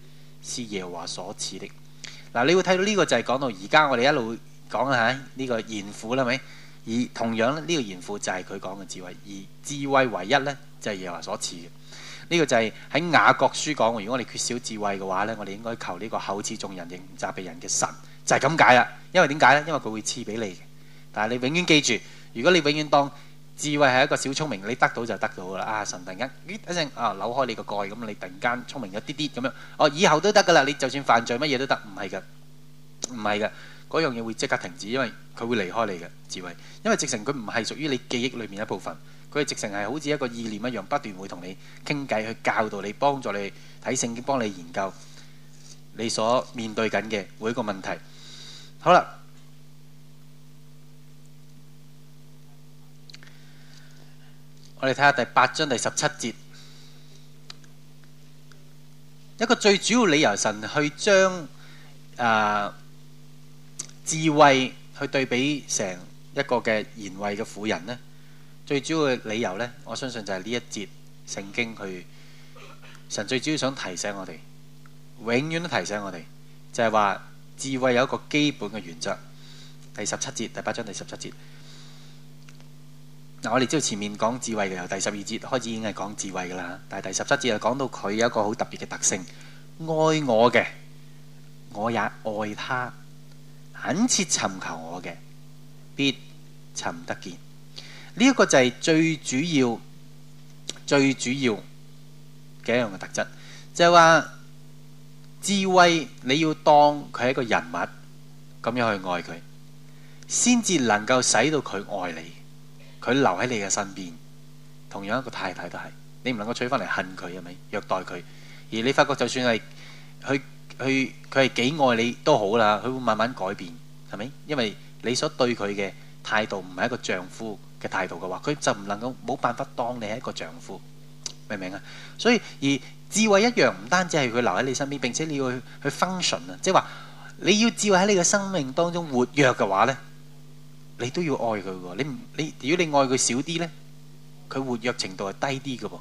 [SPEAKER 1] 是耶和華所賜的。嗱，你會睇到呢個就係講到而家我哋一路講啊，呢個賢婦啦咪，而同樣咧呢、這個賢婦就係佢講嘅智慧，而智慧唯一呢，就係耶和華所賜嘅。呢、這個就係喺雅各書講，如果我哋缺少智慧嘅話呢，我哋應該求呢個厚賜眾人認責備人嘅神，就係咁解啦。因為點解呢？因為佢會賜俾你嘅。但係你永遠記住，如果你永遠當智慧係一個小聰明，你得到就得到啦。啊，神突然間、呃、一陣啊扭開你個蓋，咁你突然間聰明一啲啲咁樣，哦，以後都得噶啦。你就算犯罪乜嘢都得，唔係噶，唔係噶，嗰樣嘢會即刻停止，因為佢會離開你嘅智慧，因為直情佢唔係屬於你記憶裏面一部分。佢直情係好似一個意念一樣，不斷會同你傾偈，去教導你、幫助你睇聖經、幫你研究你所面對緊嘅每一個問題。好啦，我哋睇下第八章第十七節，一個最主要理由神，神去將誒、呃、智慧去對比成一個嘅賢慧嘅婦人呢。最主要嘅理由呢，我相信就係呢一節聖經。佢神最主要想提醒我哋，永遠都提醒我哋就係話智慧有一個基本嘅原則。第十七節第八章第十七節。嗱，我哋知道前面講智慧嘅由第十二節開始已經係講智慧噶啦，但係第十七節就講到佢有一個好特別嘅特性，愛我嘅我也愛他，懇切尋求我嘅必尋得見。呢一個就係最主要、最主要嘅一樣嘅特質，就係話智慧你要當佢係一個人物咁樣去愛佢，先至能夠使到佢愛你，佢留喺你嘅身邊。同樣一個太太都係你唔能夠娶翻嚟恨佢，係咪虐待佢？而你發覺就算係佢、佢、佢係幾愛你都好啦，佢會慢慢改變，係咪？因為你所對佢嘅態度唔係一個丈夫。嘅態度嘅話，佢就唔能夠冇辦法當你係一個丈夫，明唔明啊？所以而智慧一樣，唔單止係佢留喺你身邊，並且你要去，去 function 啊，即係話你要智慧喺你嘅生命當中活躍嘅話呢，你都要愛佢嘅。你唔你，如果你愛佢少啲呢，佢活躍程度係低啲嘅噃。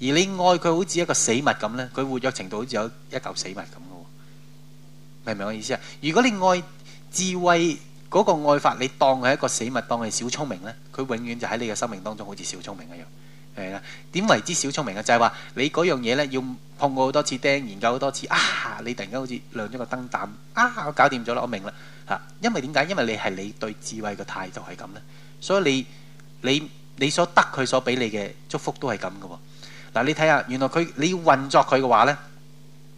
[SPEAKER 1] 而你愛佢好似一個死物咁呢，佢活躍程度好似有一嚿死物咁嘅，明唔明我意思啊？如果你愛智慧，嗰個愛法，你當係一個死物，當係小聰明咧，佢永遠就喺你嘅生命當中，好似小聰明一樣，係啦。點為之小聰明啊？就係話你嗰樣嘢咧，要碰過好多次釘，研究好多次啊！你突然間好似亮咗個燈膽，啊，我搞掂咗啦，我明啦嚇。因為點解？因為你係你對智慧嘅態度係咁咧，所以你你你所得佢所俾你嘅祝福都係咁嘅喎。嗱，你睇下，原來佢你要運作佢嘅話咧，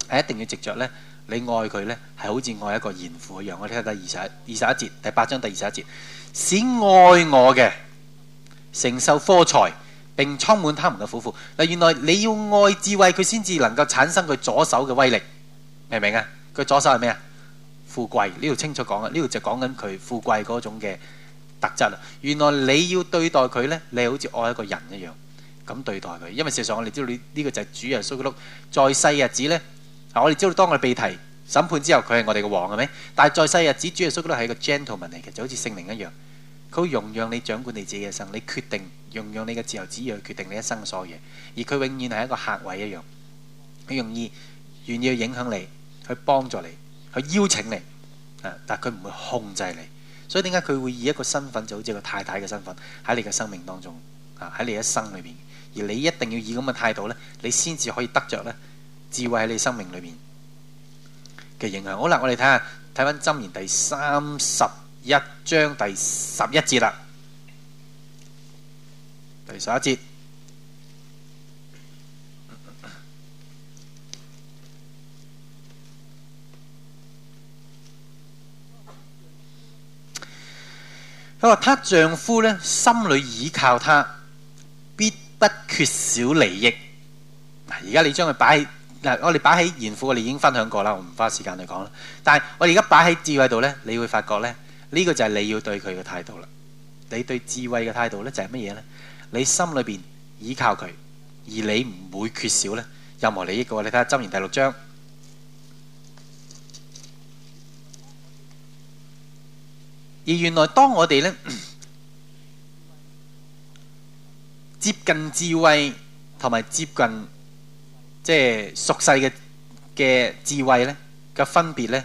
[SPEAKER 1] 係一定要直着咧。你愛佢呢，係好似愛一個賢婦一樣。我哋睇下二十、二十一節，第八章第二十一節，使愛我嘅承受貨財，並充滿他們嘅府庫。嗱，原來你要愛智慧，佢先至能夠產生佢左手嘅威力。明唔明啊？佢左手係咩啊？富貴呢度清楚講啊，呢度就講緊佢富貴嗰種嘅特質啊。原來你要對待佢呢，你好似愛一個人一樣咁對待佢。因為事實上我哋知道呢呢、這個就係主耶穌基督在世日子咧。嗱，我哋知道當佢被提審判之後，佢係我哋嘅王，係咪？但係在世日子，主耶穌都係一個 gentleman 嚟嘅，就好似聖靈一樣，佢會容讓你掌管你自己嘅生，你決定容讓你嘅自由旨意去決定你一生嘅所有嘢。而佢永遠係一個客位一樣，佢容易願意去影響你，去幫助你，去邀請你，啊！但佢唔會控制你，所以點解佢會以一個身份，就好似一個太太嘅身份喺你嘅生命當中，啊，喺你一生裏邊，而你一定要以咁嘅態度咧，你先至可以得着咧。智慧喺你生命裏面嘅影響，好啦，我哋睇下睇翻《箴言》第三十一章第十一節啦，第十一節。佢話：，她丈夫呢，心裏倚靠她，必不缺少利益。嗱，而家你將佢擺喺。嗱，我哋擺喺賢富，我哋已經分享過啦，我唔花時間去講啦。但係我而家擺喺智慧度咧，你會發覺咧，呢個就係你要對佢嘅態度啦。你對智慧嘅態度咧，就係乜嘢咧？你心裏邊依靠佢，而你唔會缺少咧任何利益嘅。你睇下《箴言》第六章，而原來當我哋咧接近智慧同埋接近。即係俗世嘅嘅智慧咧，嘅分別咧，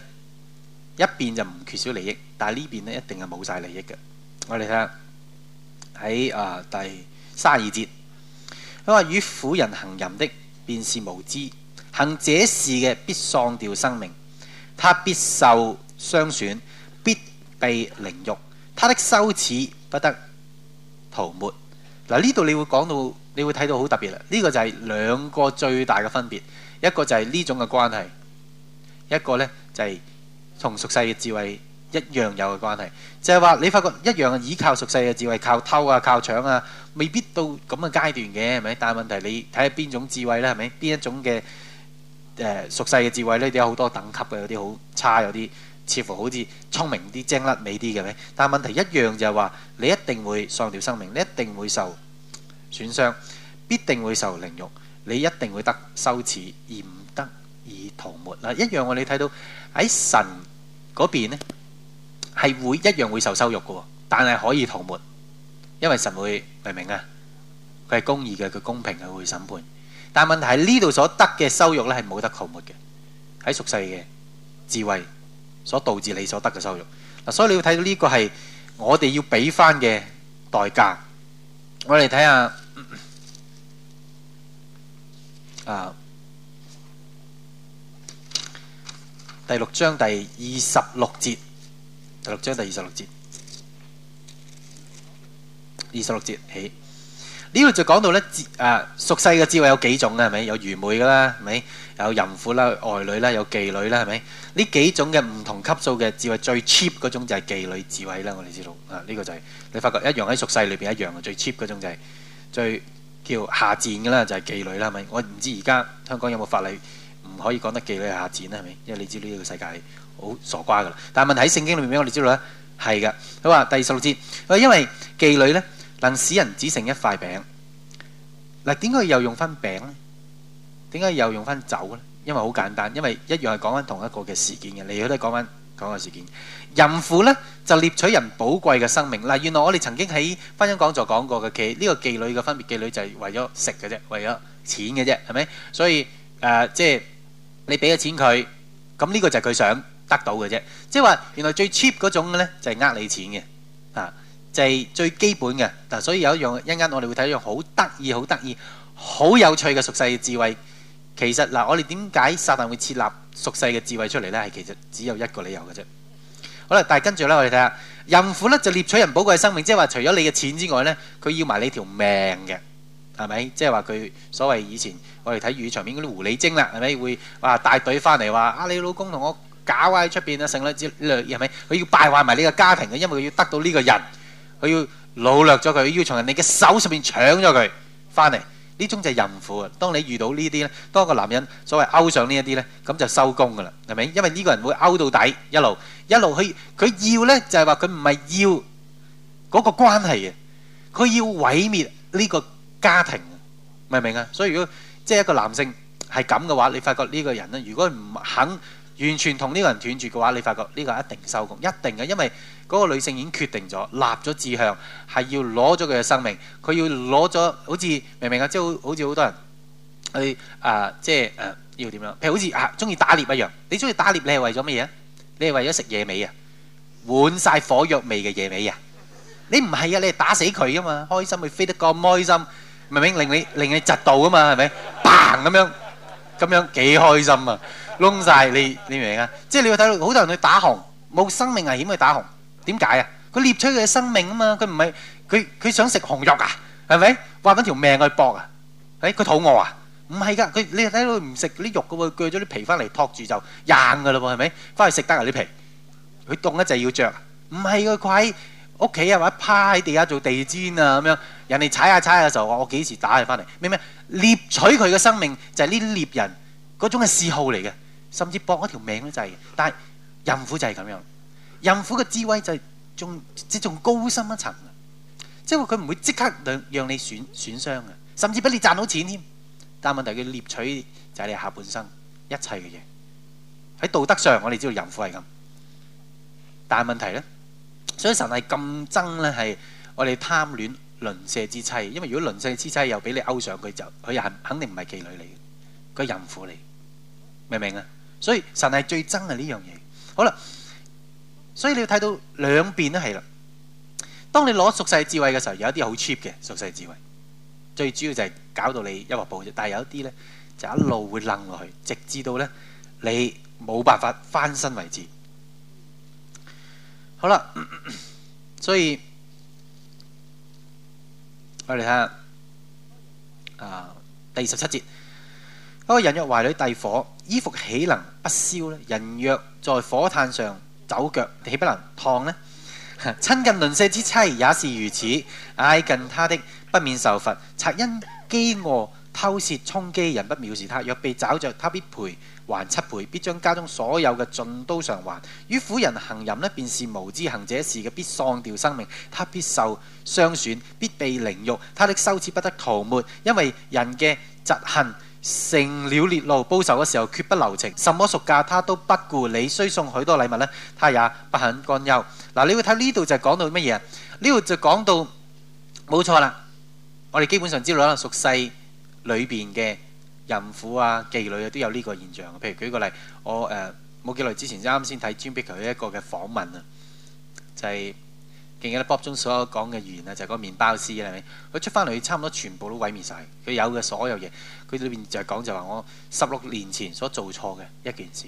[SPEAKER 1] 一邊就唔缺少利益，但係呢邊咧一定係冇晒利益嘅。我哋睇下喺啊第卅二節，佢話與婦人行淫的，便是無知；行這事嘅，必喪掉生命，他必受傷損，必被凌辱，他的羞恥不得塗抹。嗱呢度你會講到，你會睇到好特別啦。呢、這個就係兩個最大嘅分別，一個就係呢種嘅關係，一個呢就係、是、同熟世嘅智慧一樣有嘅關係，就係、是、話你發覺一樣係依靠熟世嘅智慧，靠偷啊，靠搶啊，未必到咁嘅階段嘅，係咪？但係問題是你睇下邊種智慧呢？係咪？邊一種嘅誒、呃、熟世嘅智慧呢，你有好多等級嘅，有啲好差，有啲。似乎好似聰明啲、精甩美啲嘅咩，但係問題一樣就係話你一定會喪掉生命，你一定會受損傷，必定會受凌辱，你一定會得羞恥、而唔得以塗抹啦。一樣我哋睇到喺神嗰邊咧係會一樣會受羞辱嘅，但係可以塗抹，因為神會明唔明啊？佢係公義嘅，佢公平嘅會審判，但係問題係呢度所得嘅羞辱咧係冇得塗抹嘅喺俗世嘅智慧。所導致你所得嘅收入，嗱，所以你要睇到呢個係我哋要俾翻嘅代價。我哋睇下啊，第六章第二十六節，第六章第二十六節，二十六節起。呢度就講到咧，誒屬世嘅智慧有幾種啦，係咪有愚昧嘅啦，係咪有淫婦啦、外女啦、有妓女啦，係咪呢幾種嘅唔同級數嘅智慧？最 cheap 嗰種就係妓女智慧啦，我哋知道啊。呢個就係你發覺一樣喺屬世裏邊一樣嘅，最 cheap 嗰種就係最叫下賤嘅啦，就係妓女啦。係咪我唔知而家香港有冇法例唔可以講得妓女係下賤咧，係咪？因為你知呢個世界好傻瓜嘅啦。但係問題喺聖經裏面俾我哋知道咧，係嘅。佢話第二十六節，佢話因為妓女咧。能使人只剩一塊餅，嗱點解又用翻餅咧？點解又用翻酒咧？因為好簡單，因為一樣係講緊同一個嘅事件嘅，你如果都係講緊嗰個事件。淫婦呢，就掠取人寶貴嘅生命。嗱，原來我哋曾經喺婚姻講座講過嘅其實，呢個妓女嘅分別，妓女就係為咗食嘅啫，為咗錢嘅啫，係咪？所以誒、呃，即係你俾咗錢佢，咁呢個就係佢想得到嘅啫。即係話原來最 cheap 嗰種嘅呢，就係呃你錢嘅啊。就係、是、最基本嘅嗱，所以有一樣，一陣間，我哋會睇一樣好得意、好得意、好有趣嘅屬世嘅智慧。其實嗱，我哋點解撒旦會設立屬世嘅智慧出嚟呢？係其實只有一個理由嘅啫。好啦，但係跟住呢，我哋睇下淫婦呢就獵取人寶貴嘅生命，即係話除咗你嘅錢之外呢，佢要埋你條命嘅，係咪？即係話佢所謂以前我哋睇《雨牆》面嗰啲狐狸精啦，係咪會哇帶隊翻嚟話啊？你老公同我搞喺出邊啊？剩女之類係咪？佢要敗壞埋你個家庭嘅，因為佢要得到呢個人。佢要擄掠咗佢，要從人哋嘅手上面搶咗佢翻嚟，呢種就係淫婦啊！當你遇到呢啲咧，當個男人所謂勾上呢一啲咧，咁就收工噶啦，係咪？因為呢個人會勾到底，一路一路去，佢要咧就係話佢唔係要嗰個關係嘅，佢要毀滅呢個家庭，明唔明啊？所以如果即係、就是、一個男性係咁嘅話，你發覺呢個人咧，如果唔肯。完全同呢個人斷住嘅話，你發覺呢個一定收工，一定嘅，因為嗰個女性已經決定咗、立咗志向，係要攞咗佢嘅生命，佢要攞咗，好似明唔明啊？即係好似好多人去啊，即係誒要點樣？譬如好似啊，中意打獵一樣，你中意打獵，你係為咗乜嘢啊？你係為咗食野味啊？滿晒火藥味嘅野味啊！你唔係啊，你係打死佢啊嘛，開心佢飛得咁開心，明唔明？令你令你窒到啊嘛，係咪？嘭！a 咁樣。咁樣幾開心啊！燶晒你，你明唔明啊？即係你會睇到好多人去打熊，冇生命危險去打熊，點解啊？佢獵出佢嘅生命啊嘛！佢唔係佢佢想食熊肉啊？係咪？揾緊條命去搏啊？誒，佢肚餓啊？唔係㗎，佢你睇到佢唔食啲肉嘅喎，攰咗啲皮翻嚟托住就硬㗎啦喎，係咪？翻去食得啊啲皮，佢凍一就係要著，唔係個龜。他屋企啊，或者趴喺地下做地氈啊，咁樣人哋踩下踩下嘅時候就話我幾時打你翻嚟。咩咩獵取佢嘅生命就係呢啲獵人嗰種嘅嗜好嚟嘅，甚至搏一條命都制，就是。但係淫婦就係咁樣，淫婦嘅智慧就係仲即仲高深一層。即係佢唔會即刻讓你損損傷啊，甚至俾你賺到錢添。但係問題佢獵取就係、是、你下半生一切嘅嘢。喺道德上，我哋知道淫婦係咁，但係問題咧。所以神係咁憎咧，係我哋貪戀鄰舍之妻，因為如果鄰舍之妻又俾你勾上，佢就佢係肯定唔係妓女嚟嘅，佢係淫婦嚟，明唔明啊？所以神係最憎係呢樣嘢。好啦，所以你要睇到兩邊都係啦。當你攞屬世的智慧嘅時候，有一啲好 cheap 嘅屬世智慧，最主要就係搞到你一劃步啫。但係有一啲咧就一路會愣落去，直至到咧你冇辦法翻身為止。好啦，所以我哋睇下啊第十七節，嗰個人若懷裏遞火，衣服豈能不燒呢？人若在火炭上走腳，豈不能燙呢？親近鄰舍之妻也是如此，挨近他的不免受罰。賊因飢餓，偷竊充飢，人不藐視他；若被找着，他必賠還七倍，必將家中所有嘅盡都償還。於婦人行淫呢，便是無知行者事嘅，必喪掉生命。他必受傷損，必被凌辱，他的羞恥不得塗抹，因為人嘅疾恨成了烈怒，報仇嘅時候絕不留情。什麼贖價他都不顧，你雖送許多禮物呢，他也不肯干休。嗱、啊，你會睇呢度就講到乜嘢？呢度就講到冇錯啦，我哋基本上知道啦，屬世。裏邊嘅淫婦啊、妓女啊，都有呢個現象。譬如舉個例，我誒冇幾耐之前啱先睇 Jim Baker 一個嘅訪問啊，就係、是、記記得 Bob 中所有講嘅語言啊，就係、是、個麵包師嘅係咪？佢出翻嚟，差唔多全部都毀滅晒。佢有嘅所有嘢，佢裏邊就係講就話、是、我十六年前所做錯嘅一件事，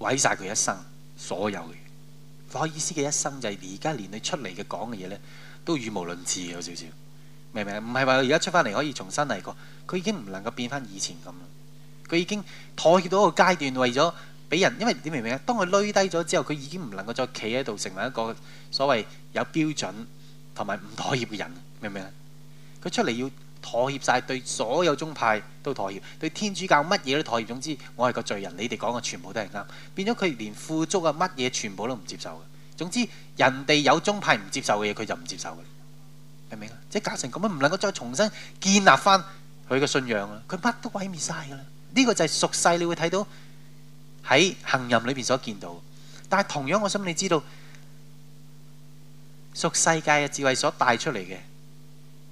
[SPEAKER 1] 毀晒佢一生所有嘅嘢。我意思嘅一生就係而家連你出嚟嘅講嘅嘢咧，都語無倫次嘅有少少。明唔明啊？唔係話佢而家出翻嚟可以重新嚟過，佢已經唔能夠變翻以前咁。佢已經妥協到一個階段，為咗俾人，因為你明唔明啊？當佢攏低咗之後，佢已經唔能夠再企喺度成為一個所謂有標準同埋唔妥協嘅人，明唔明啊？佢出嚟要妥協晒，對所有宗派都妥協，對天主教乜嘢都妥協。總之，我係個罪人，你哋講嘅全部都係啱。變咗佢連富足啊乜嘢全部都唔接受嘅。總之，人哋有宗派唔接受嘅嘢，佢就唔接受嘅。明唔明啊？即係搞成咁樣，唔能夠再重新建立翻佢嘅信仰啊！佢乜都毀滅晒噶啦，呢、這個就係屬世，你會睇到喺行淫裏邊所見到。但係同樣，我想你知道屬世界嘅智慧所帶出嚟嘅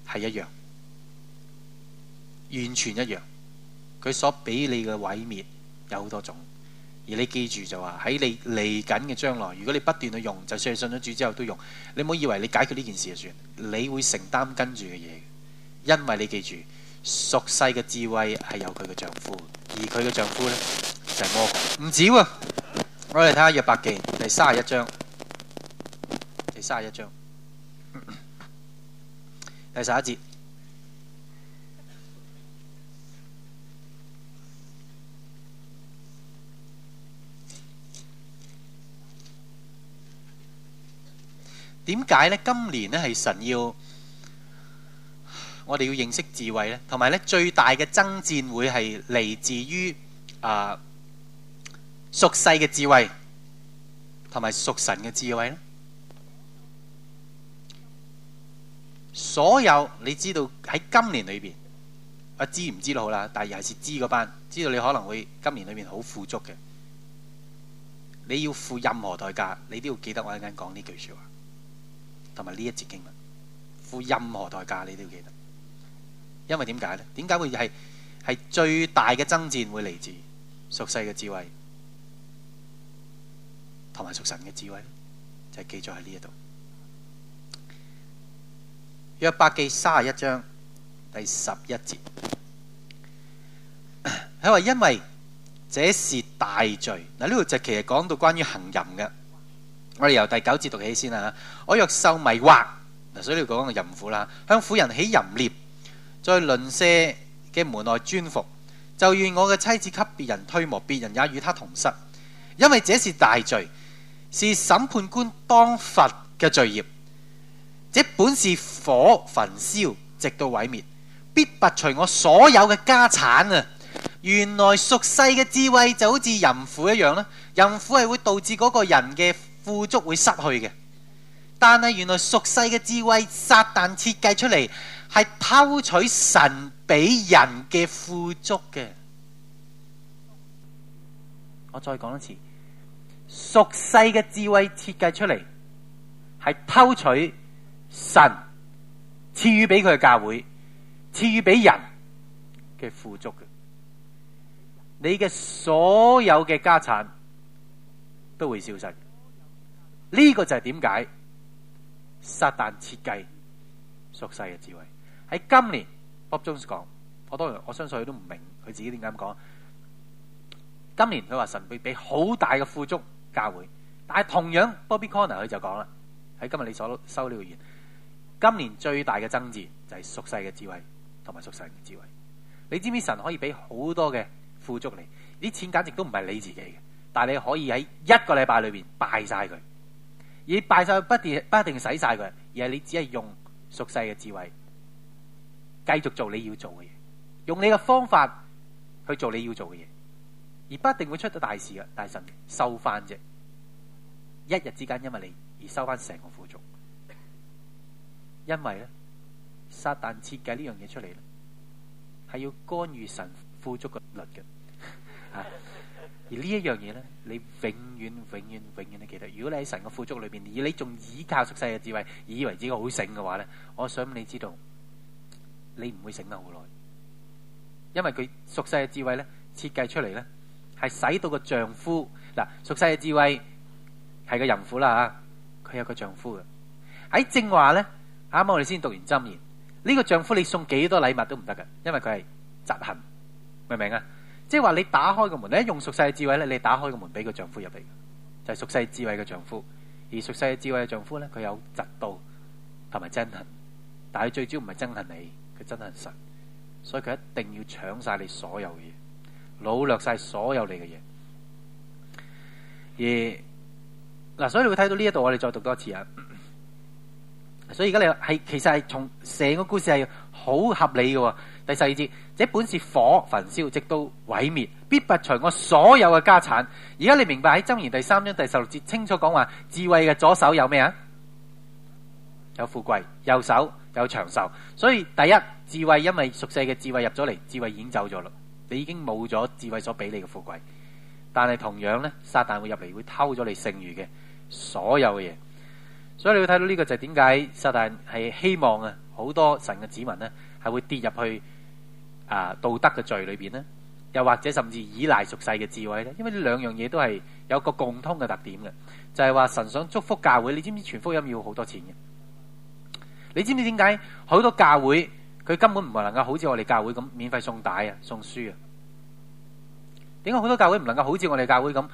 [SPEAKER 1] 係一樣，完全一樣，佢所俾你嘅毀滅有好多種。而你記住就話喺你嚟緊嘅將來，如果你不斷去用，就算係信咗主之後都用，你唔好以為你解決呢件事就算，你會承擔跟住嘅嘢，因為你記住，屬世嘅智慧係有佢嘅丈夫，而佢嘅丈夫呢，就係魔鬼。唔止啊！我哋睇下約伯記第三十一章，第三十一章，第十一節。點解咧？今年咧係神要我哋要認識智慧咧，同埋咧最大嘅爭戰會係嚟自於啊屬世嘅智慧同埋屬神嘅智慧咧。所有你知道喺今年裏邊，啊知唔知都好啦，但係尤其是知嗰班知道你可能會今年裏邊好富足嘅，你要付任何代價，你都要記得我一陣間講呢句說話。同埋呢一節經文，付任何代價，你都要記得，因為點解咧？點解會係係最大嘅爭戰會嚟自屬世嘅智慧同埋屬神嘅智慧咧？就係、是、記載喺呢一度約伯記三十一章第十一節，佢話：因為這是大罪。嗱，呢度就其實講到關於行淫嘅。我哋由第九節讀起先啦，我若受迷惑，嗱，所以你講個淫婦啦，向婦人起淫念，在鄰舍嘅門外蹲伏，就願我嘅妻子給別人推磨，別人也與他同室。因為這是大罪，是審判官當罰嘅罪孽。這本是火焚燒，直到毀滅，必拔除我所有嘅家產啊！原來俗世嘅智慧就好似淫婦一樣啦，淫婦係會導致嗰個人嘅。富足會失去嘅，但係原來屬世嘅智慧，撒旦設計出嚟係偷取神俾人嘅富足嘅。我再講一次，屬世嘅智慧設計出嚟係偷取神賜予俾佢嘅教會、賜予俾人嘅富足嘅。你嘅所有嘅家產都會消失。呢、這個就係點解撒旦設計俗世嘅智慧。喺今年 Bob 中講，我當然我相信佢都唔明佢自己點解咁講。今年佢話神俾俾好大嘅富足教會，但係同樣 Bobby c o n n e r 佢就講啦，喺今日你所收呢個言，今年最大嘅爭戰就係、是、俗世嘅智慧同埋俗世嘅智慧。你知唔知道神可以俾好多嘅富足你？啲錢簡直都唔係你自己嘅，但係你可以喺一個禮拜裏邊拜晒佢。而你拜晒，不定不一定使晒佢，而係你只係用俗世嘅智慧繼續做你要做嘅嘢，用你嘅方法去做你要做嘅嘢，而不一定會出到大事嘅。大神收翻啫，一日之間因為你而收翻成個富足，因為咧撒旦設計呢樣嘢出嚟咧，係要干預神富足嘅律嘅。 而呢一樣嘢咧，你永遠、永遠、永遠都記得。如果你喺神嘅富足裏邊，而你仲倚靠屬世嘅智慧，以為自己好醒嘅話咧，我想你知道，你唔會醒得好耐，因為佢屬世嘅智慧咧設計出嚟咧，係使到個丈夫嗱，屬世嘅智慧係個淫婦啦嚇，佢有個丈夫嘅喺正話咧，啱啱我哋先讀完箴言，呢、這個丈夫你送幾多禮物都唔得㗎，因為佢係執行，明唔明啊？即係話你打開個門，你一用屬世嘅智慧咧，你打開個門俾個丈夫入嚟，就係屬世智慧嘅丈夫。而屬世嘅智慧嘅丈夫咧，佢有嫉妒同埋憎恨，但係最主要唔係憎恨你，佢憎恨神，所以佢一定要搶晒你所有嘢，擄掠晒所有你嘅嘢。而嗱，所以你會睇到呢一度，我哋再讀多次啊。所以而家你係其實係從成個故事係好合理嘅。第十二節，這本是火焚燒，直到毀滅，必拔除我所有嘅家產。而家你明白喺箴言第三章第十六節清楚講話，智慧嘅左手有咩啊？有富貴，右手有長壽。所以第一智慧因為熟悉嘅智慧入咗嚟，智慧已經走咗啦。你已經冇咗智慧所俾你嘅富貴，但係同樣呢，撒旦會入嚟會偷咗你剩餘嘅所有嘅嘢。所以你會睇到呢個就係點解撒但係希望啊，好多神嘅子民呢係會跌入去啊道德嘅罪裏邊呢，又或者甚至依賴俗世嘅智慧呢，因為呢兩樣嘢都係有個共通嘅特點嘅，就係話神想祝福教會，你知唔知全福音要好多錢嘅？你知唔知點解好多教會佢根本唔係能夠好似我哋教會咁免費送帶啊、送書啊？點解好多教會唔能夠好似我哋教會咁誒？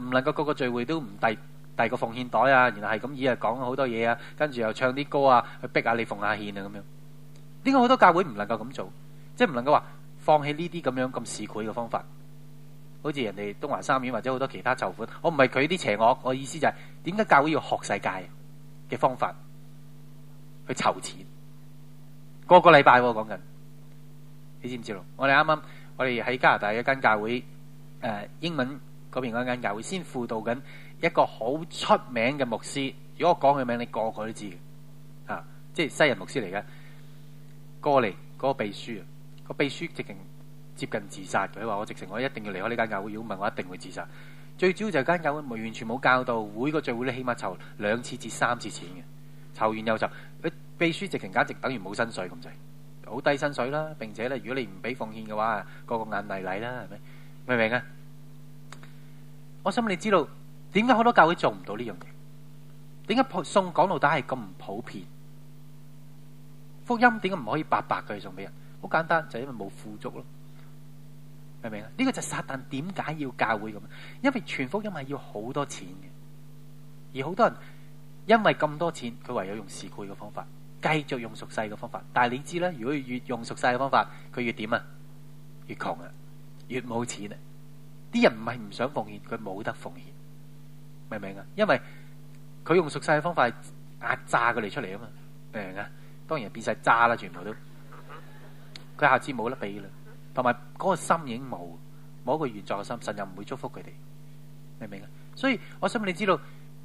[SPEAKER 1] 唔能夠個個聚會都唔遞第個奉獻袋啊，然後係咁以啊講好多嘢啊，跟住又唱啲歌啊，去逼下你奉下獻啊，咁樣。點解好多教會唔能夠咁做？即係唔能夠話放棄呢啲咁樣咁市儈嘅方法，好似人哋東華三院或者好多其他籌款。我唔係佢啲邪惡，我意思就係點解教會要學世界嘅方法去籌錢？個個禮拜喎講緊，你知唔知咯？我哋啱啱我哋喺加拿大一間教會誒、呃，英文嗰邊嗰間教會先輔導緊。一個好出名嘅牧師，如果我講佢名，你個個都知嘅，吓、啊，即係西人牧師嚟嘅。過嚟嗰、嗰個秘書，嗰個秘書直情接近自殺嘅，佢話我直情我一定要離開呢間教會，如果唔係我一定會自殺。最主要就係間教會完全冇教導，每個聚會，你起碼籌兩次至三次錢嘅，籌完又籌。佢秘書直情簡直等於冇薪水，咁滯，好低薪水啦。並且咧，如果你唔俾奉獻嘅話，個個眼迷離啦，係咪？明唔明啊？我想你知道。點解好多教會做唔到呢樣嘢？點解送講道帶係咁普遍？福音點解唔可以白白嘅送俾人？好簡單，就是，因為冇富足咯，明唔明啊？呢、這個就是撒旦點解要教會咁？因為全福音係要好多錢嘅，而好多人因為咁多錢，佢唯有用市儈嘅方法，繼續用俗世嘅方法。但係你知咧，如果越用俗世嘅方法，佢越點啊？越窮啊，越冇錢啊！啲人唔係唔想奉獻，佢冇得奉獻。明唔明啊？因為佢用熟悉嘅方法壓榨佢嚟出嚟啊嘛，明唔明啊？當然變晒渣啦，全部都佢下次冇得俾啦，同埋嗰個心已經冇冇一個原作嘅心，神又唔會祝福佢哋，明唔明啊？所以我想問你知道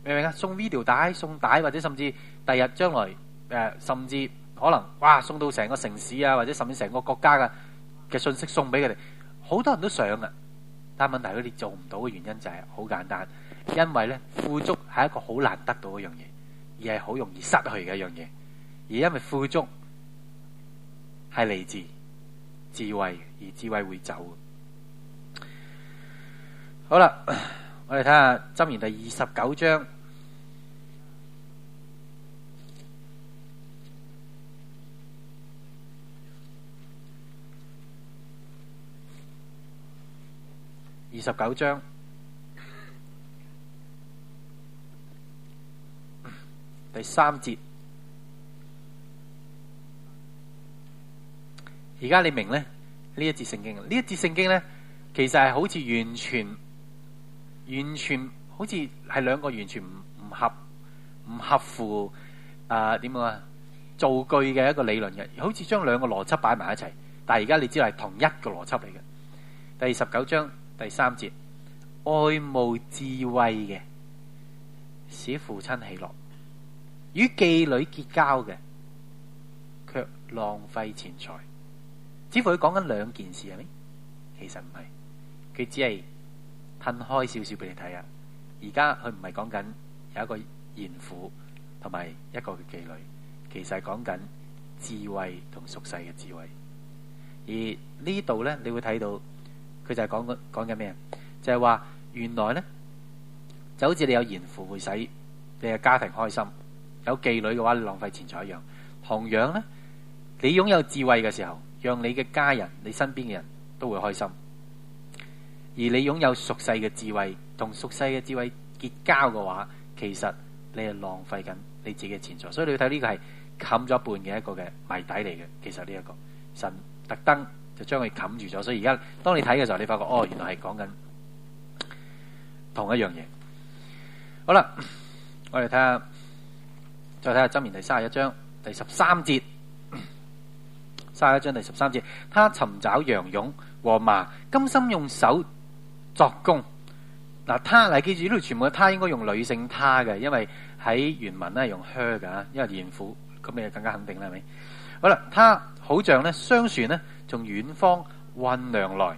[SPEAKER 1] 明唔明啊？送 video 條帶，送帶或者甚至第日將來誒，呃，甚至可能哇送到成個城市啊，或者甚至成個國家嘅嘅信息送俾佢哋，好多人都想啊！三問題，啲做唔到嘅原因就係好簡單，因為呢，富足係一個好難得到嘅一樣嘢，而係好容易失去嘅一樣嘢，而因為富足係嚟自智慧，而智慧會走。好啦，我哋睇下《箴言》第二十九章。二十九章第三節，而家你明咧，呢一節聖經呢一節聖經咧，其實係好似完全完全好似係兩個完全唔唔合唔合乎啊？點樣啊造句嘅一個理論嘅，好似將兩個邏輯擺埋一齊，但係而家你知道係同一個邏輯嚟嘅。第二十九章。第三節，愛慕智慧嘅，使父親喜樂，與妓女結交嘅，卻浪費錢財，只乎佢講緊兩件事係咪？其實唔係，佢只係褪開少少俾你睇下。而家佢唔係講緊有一個賢婦同埋一個妓女，其實係講緊智慧同俗世嘅智慧。而呢度呢，你會睇到。佢就係講講緊咩就係、是、話原來呢就好似你有賢婦會使你嘅家庭開心，有妓女嘅話你浪費錢財一樣。同樣呢，你擁有智慧嘅時候，讓你嘅家人、你身邊嘅人都會開心。而你擁有俗世嘅智慧，同俗世嘅智慧結交嘅話，其實你係浪費緊你自己嘅錢財。所以你要睇呢個係冚咗一半嘅一個嘅謎底嚟嘅。其實呢、這、一個神特登。就將佢冚住咗，所以而家當你睇嘅時候，你發覺哦，原來係講緊同一樣嘢。好啦，我哋睇下，再睇下《箴言》第三十一章第十三節。三十一章第十三節，他尋找羊絨和麻，甘心用手作工。嗱，他嚟，記住呢度全部嘅他應該用女性，他嘅，因為喺原文咧係用靴㗎因為連婦咁，你就更加肯定啦，係咪？好啦，他好像咧雙船呢。從遠方運糧來，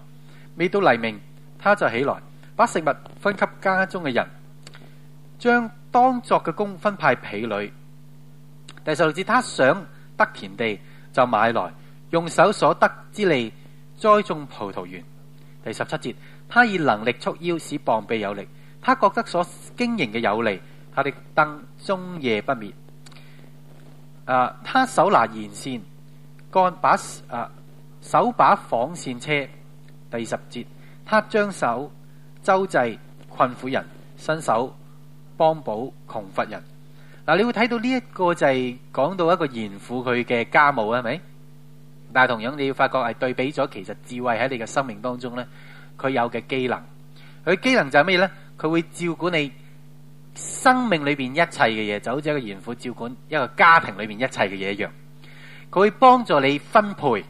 [SPEAKER 1] 未到黎明他就起來，把食物分給家中嘅人，將當作嘅工分派婢女。第十六節，他想得田地就買來，用手所得之利栽種葡萄園。第十七節，他以能力束腰，使膀臂有力。他覺得所經營嘅有利，他的燈終夜不滅。啊，他手拿弦線，干把啊。手把紡線車。第十節，他將手周濟困苦人，伸手幫補窮乏人。嗱、啊，你會睇到呢一個就係講到一個賢婦佢嘅家務啊，係咪？但係同樣你要發覺係對比咗，其實智慧喺你嘅生命當中呢，佢有嘅機能，佢機能就係咩呢？佢會照顧你生命裏邊一切嘅嘢，就好似一個賢婦照顧一個家庭裏面一切嘅嘢一樣，佢會幫助你分配。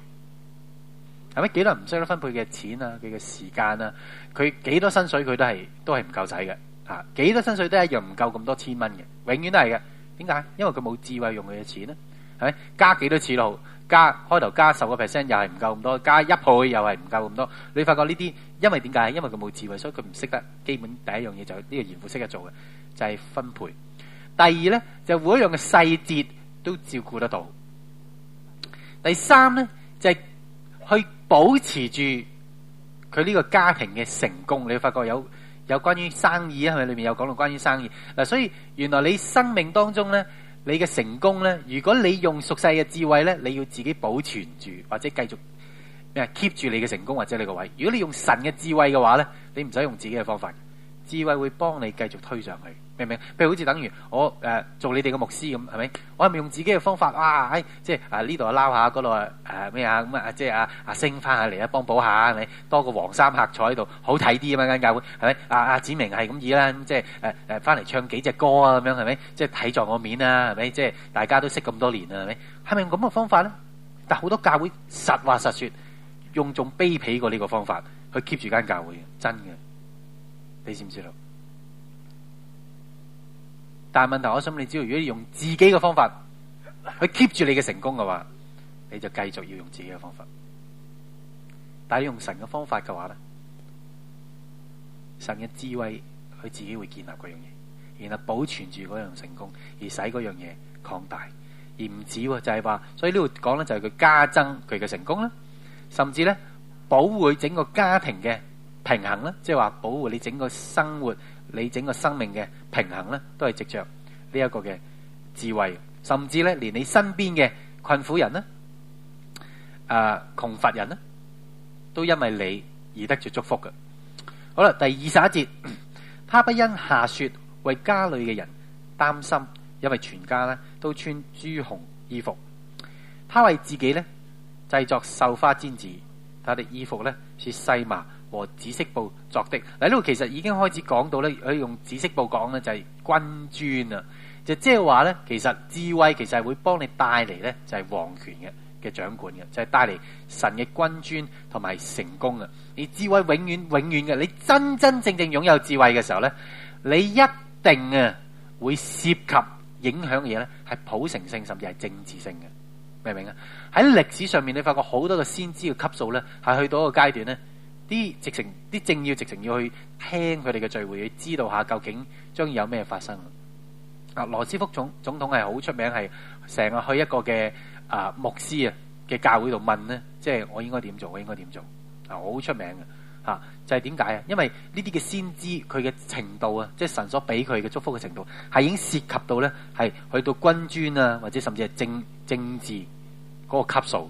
[SPEAKER 1] 係咪幾多唔需要分配嘅錢啊？佢嘅時間啊，佢幾多薪水佢都係都係唔夠使嘅吓，幾多薪水都係一樣唔夠咁多千蚊嘅，永遠都係嘅。點解？因為佢冇智慧用佢嘅錢呢。係咪？加幾多次路，加，加開頭加十個 percent 又係唔夠咁多，加一倍又係唔夠咁多。你發覺呢啲，因為點解？因為佢冇智慧，所以佢唔識得。基本第一樣嘢就呢、是這個延付識得做嘅，就係、是、分配。第二呢，就是、每一樣嘅細節都照顧得到。第三呢，就係、是。去保持住佢呢個家庭嘅成功，你會發覺有有關於生意啊，係咪？裏面有講到關於生意嗱，所以原來你生命當中咧，你嘅成功咧，如果你用俗世嘅智慧咧，你要自己保存住或者繼續咩 keep 住你嘅成功或者你個位。如果你用神嘅智慧嘅話咧，你唔使用，用自己嘅方法，智慧會幫你繼續推上去。明明？譬如好似等於我誒、呃、做你哋嘅牧師咁，係咪？我係咪用自己嘅方法？啊，誒、哎，即係啊呢度啊撈下，嗰度誒咩啊咁啊！即係啊啊升翻下嚟啊，幫、啊、補、啊啊啊啊啊、下係咪？多個黃衫客坐喺度，好睇啲啊嘛間教會係咪？啊啊子明係咁意啦，即係誒誒翻嚟唱幾隻歌啊咁樣係咪？即係睇在我面啊，係咪？即係大家都識咁多年啊，係咪？係咪用咁嘅方法咧？但好多教會實話實説，用仲卑鄙過呢個方法去 keep 住間教會真嘅，你知唔知道？但係問題，我諗你只要如果你用自己嘅方法去 keep 住你嘅成功嘅話，你就繼續要用自己嘅方法。但係用神嘅方法嘅話咧，神嘅智慧佢自己會建立嗰樣嘢，然後保存住嗰樣成功，而使嗰樣嘢擴大，而唔止喎，就係話，所以呢度講咧就係佢加增佢嘅成功啦，甚至咧保護整個家庭嘅平衡啦，即係話保護你整個生活。你整個生命嘅平衡咧，都係藉著呢一個嘅智慧，甚至咧連你身邊嘅困苦人咧、呃，窮乏人呢都因為你而得著祝福嘅。好啦，第二十一節，他不因下雪為家裏嘅人擔心，因為全家呢都穿朱紅衣服。他為自己咧製作繡花氈子，他的衣服咧是細麻，和紫色布作的，嗱，呢度其實已經開始講到咧，可以用紫色布講咧，就係君尊啊，就即係話咧，其實智慧其實係會幫你帶嚟咧，就係皇權嘅嘅掌管嘅，就係帶嚟神嘅君尊同埋成功啊！你智慧永遠永遠嘅，你真真正正擁有智慧嘅時候咧，你一定啊會涉及影響嘅嘢咧，係普成性甚至係政治性嘅，明唔明啊？喺歷史上面，你發覺好多個先知嘅級數咧，係去到一個階段咧。啲直情啲政要直情要去聽佢哋嘅聚會，去知道下究竟將要有咩發生。啊，羅斯福總總統係好出名，係成日去一個嘅啊、呃、牧師啊嘅教會度問咧，即係我應該點做，我應該點做啊，好出名嘅嚇、啊。就係點解啊？因為呢啲嘅先知佢嘅程度啊，即係神所俾佢嘅祝福嘅程度，係、就是、已經涉及到咧，係去到君尊啊，或者甚至係政政治嗰個級數。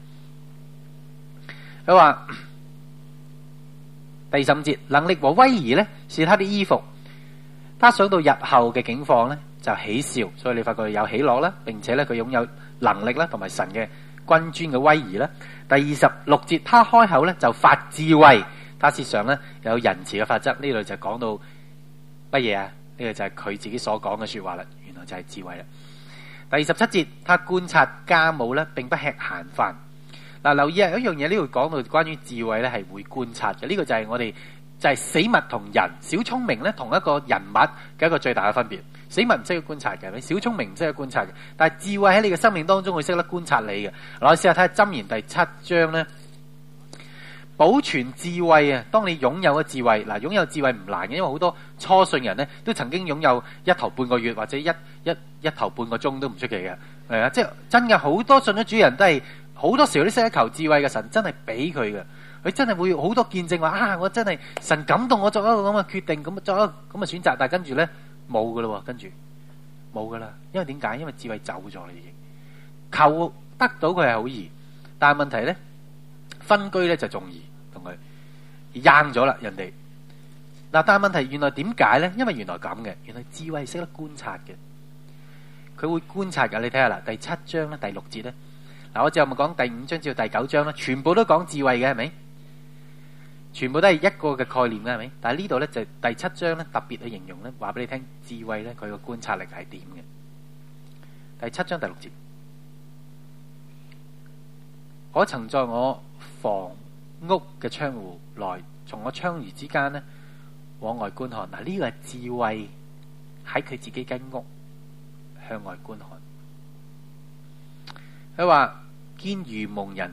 [SPEAKER 1] 佢話：第十五節能力和威儀呢，是他的衣服。他想到日後嘅境況呢，就喜笑，所以你發覺他有喜樂啦，並且呢，佢擁有能力啦，同埋神嘅君尊嘅威儀啦。第二十六節，他開口呢，就發智慧，他舌上咧有仁慈嘅法則。呢度就講到乜嘢啊？呢個就係佢自己所講嘅說話啦。原來就係智慧啦。第二十七節，他觀察家務呢，並不吃閒飯。嗱，留意係一樣嘢，呢度講到關於智慧咧，係會觀察嘅。呢、呢個就係我哋就係、係、死物同人小聰明呢，同一個人物嘅一個最大嘅分別。死物唔識觀察嘅，小聰明唔識觀察嘅，但係智慧喺你嘅生命當中會識得觀察你嘅。嗱，我試下睇下《箴言》第七章呢，保存智慧啊！當你擁有嘅智慧，嗱，擁有智慧唔難嘅，因為好多初信人呢，都曾經擁有一頭半個月或者一一一,一頭半個鐘都唔出奇嘅。係啊，即係真嘅，好多信咗主人都係。好多時候都識得求智慧嘅神真，真係俾佢嘅，佢真係會好多見證話啊！我真係神感動我作一個咁嘅決定，咁作一咁嘅選擇，但係跟住咧冇噶啦，跟住冇噶啦，因為點解？因為智慧走咗啦，已經求得到佢係好易，但係問題咧分居咧就仲易同佢扔咗啦，人哋嗱，但係問題原來點解咧？因為原來咁嘅，原來智慧識得觀察嘅，佢會觀察噶，你睇下啦，第七章咧第六節咧。嗱，我之後咪講第五章至到第九章啦，全部都講智慧嘅，係咪？全部都係一個嘅概念嘅，係咪？但係呢度咧就第七章咧特別去形容咧，話俾你聽智慧咧佢個觀察力係點嘅。第七章第六節，我曾在我房屋嘅窗戶內，從我窗沿之間咧往外觀看。嗱，呢個係智慧喺佢自己間屋向外觀看。佢話見愚蒙人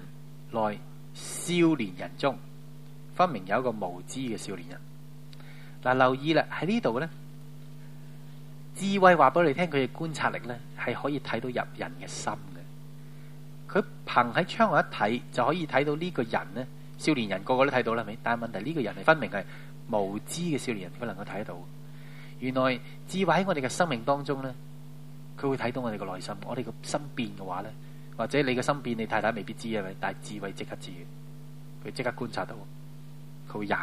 [SPEAKER 1] 內少年人中，分明有一個無知嘅少年人。嗱、啊，留意啦，喺呢度呢，智慧話俾你哋聽，佢嘅觀察力呢係可以睇到入人嘅心嘅。佢憑喺窗外一睇，就可以睇到呢個人呢。少年人個個都睇到啦，咪？但係問題呢、呢個人係分明係無知嘅少年人，佢能夠睇到。原來智慧喺我哋嘅生命當中呢，佢會睇到我哋嘅內心。我哋嘅身邊嘅話呢。或者你嘅心變，你太太未必知係咪？但係智慧即刻知嘅，佢即刻觀察到，佢會硬，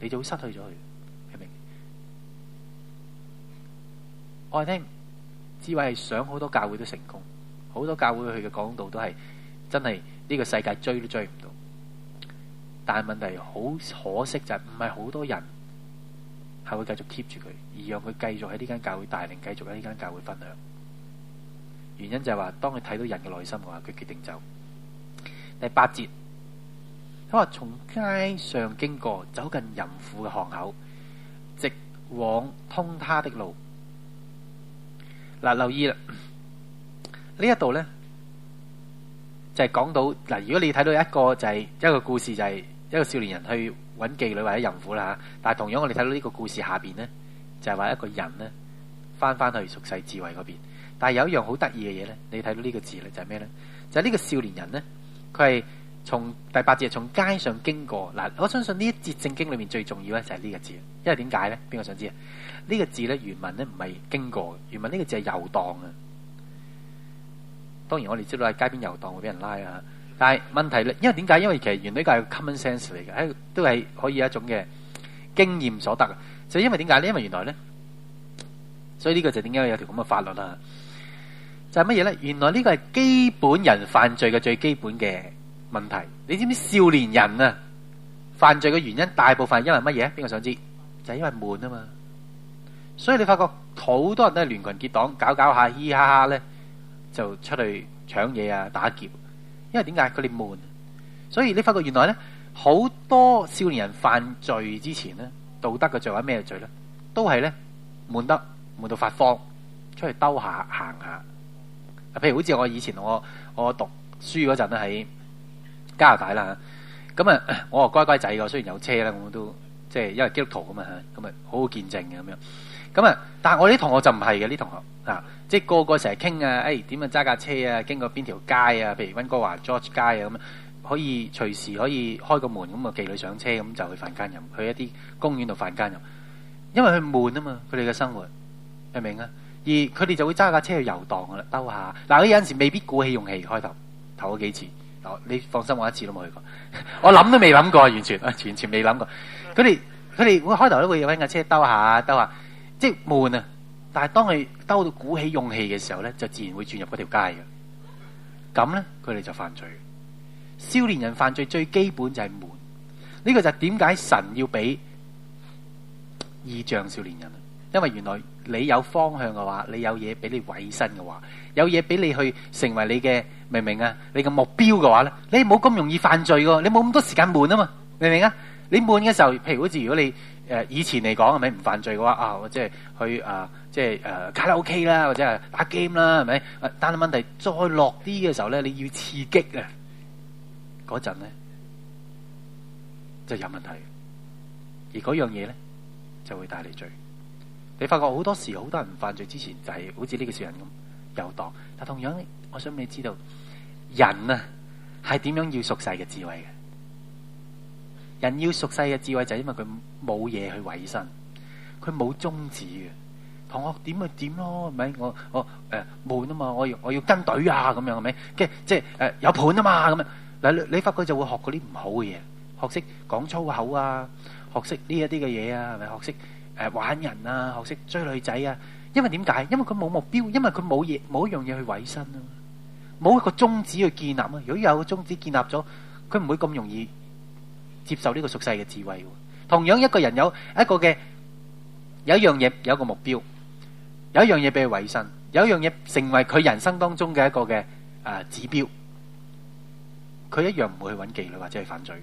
[SPEAKER 1] 你就會失去咗佢，明唔明？我聽，智慧係想好多教會都成功，好多教會佢嘅講道都係真係呢個世界追都追唔到，但係問題好可惜就係唔係好多人係會繼續 keep 住佢，而讓佢繼續喺呢間教會帶領，繼續喺呢間教會分享。原因就係話，當佢睇到人嘅內心嘅話，佢決定走。第八節，佢話從街上經過，走近淫婦嘅巷口，直往通他的路。嗱，留意啦，呢一度呢，就係講到。嗱，如果你睇到一個就係一個故事，就係一個少年人去揾妓女或者淫婦啦吓。但係同樣我哋睇到呢個故事下邊呢，就係話一個人呢，翻翻去俗世智慧嗰邊。但係有一樣好得意嘅嘢咧，你睇到呢個字咧就係咩咧？就係、是、呢個少年人咧，佢係從第八節從街上經過嗱。我相信呢一節聖經裏面最重要咧就係呢個字，因為點解咧？邊個想知啊？呢、這個字咧原文咧唔係經過，原文呢個字係游蕩啊。當然我哋知道喺街邊游蕩會俾人拉啊，但係問題咧，因為點解？因為其實原來呢個係 common sense 嚟嘅，都係可以有一種嘅經驗所得嘅。就因為點解呢？因為原來咧，所以呢個就點解有條咁嘅法律啊？就係乜嘢呢？原來呢個係基本人犯罪嘅最基本嘅問題。你知唔知少年人啊犯罪嘅原因大部分係因為乜嘢？邊個想知？就係因為悶啊嘛。所以你發覺好多人都係連群結黨搞搞下、嘻嘻哈哈呢，就出去搶嘢啊、打劫。因為點解佢哋悶？所以你發覺原來呢，好多少年人犯罪之前呢，道德嘅罪或者咩罪呢，都係呢，悶得悶到發慌，出去兜下行下。行譬如好似我以前我我讀書嗰陣喺加拿大啦，咁啊，我啊乖乖仔我，雖然有車啦，咁都即係因為基督徒咁啊，咁啊好好見證嘅咁樣，咁啊，但係我啲同學就唔係嘅啲同學，啊，即係個個成日傾啊，誒點樣揸架車啊，經過邊條街啊，譬如溫哥華 George 街啊咁，可以隨時可以開個門咁啊，妓女上車咁就去犯奸淫，去一啲公園度犯奸淫，因為佢悶啊嘛，佢哋嘅生活，明唔明啊？是而佢哋就會揸架車去遊蕩噶啦，兜下。嗱、啊，佢有陣時候未必鼓起勇氣開頭頭嗰幾次。你放心，我一次都冇去過，
[SPEAKER 2] 我諗都未諗
[SPEAKER 1] 過，完全啊，完全未諗過。佢哋佢哋會開頭都會揾架車兜下，兜下即係悶啊。但係當佢兜到鼓起勇氣嘅時候咧，就自然會轉入嗰條街嘅。咁咧，佢哋就犯罪。少年人犯罪最基本就係悶。呢、這個就點解神要俾異象少年人？.因為原來你有方向嘅話，你有嘢俾你委身嘅話，有嘢俾你去成為你嘅，明唔明啊？你嘅目標嘅話咧，你冇咁容易犯罪嘅，你冇咁多時間悶啊嘛，明唔明啊？你悶嘅時候，譬如好似如果你誒以前嚟講係咪唔犯罪嘅話啊，或者係去啊，即係誒卡拉 OK 啦，或者係打 game 啦，係咪？但係問題再落啲嘅時候咧，你要刺激嘅嗰陣咧，就有問題，而嗰樣嘢咧就會帶你罪。你發覺好多時候，好多人犯罪之前就係好似呢個小人咁遊蕩。但同樣，我想你知道，人啊係點樣要熟世嘅智慧嘅。人要熟世嘅智慧就係因為佢冇嘢去維生，佢冇宗旨嘅。同學點咪點咯，係咪？我我誒、呃、悶啊嘛，我要我要跟隊啊，咁樣係咪？即即誒、呃、有盤啊嘛，咁樣。嗱你，你發覺就會學嗰啲唔好嘅嘢，學識講粗口啊，學識呢一啲嘅嘢啊，係咪？學識。誒，玩人啊，學識追女仔啊，因為點解？因為佢冇目標，因為佢冇嘢，冇一樣嘢去委身咯，冇一個宗旨去建立咯。如果有個宗旨建立咗，佢唔會咁容易接受呢個屬世嘅智慧。同樣，一個人有一個嘅有一樣嘢有一個目標，有一樣嘢俾佢委身，有一樣嘢成為佢人生當中嘅一個嘅誒指標，佢一樣唔會去揾妓女或者去犯罪。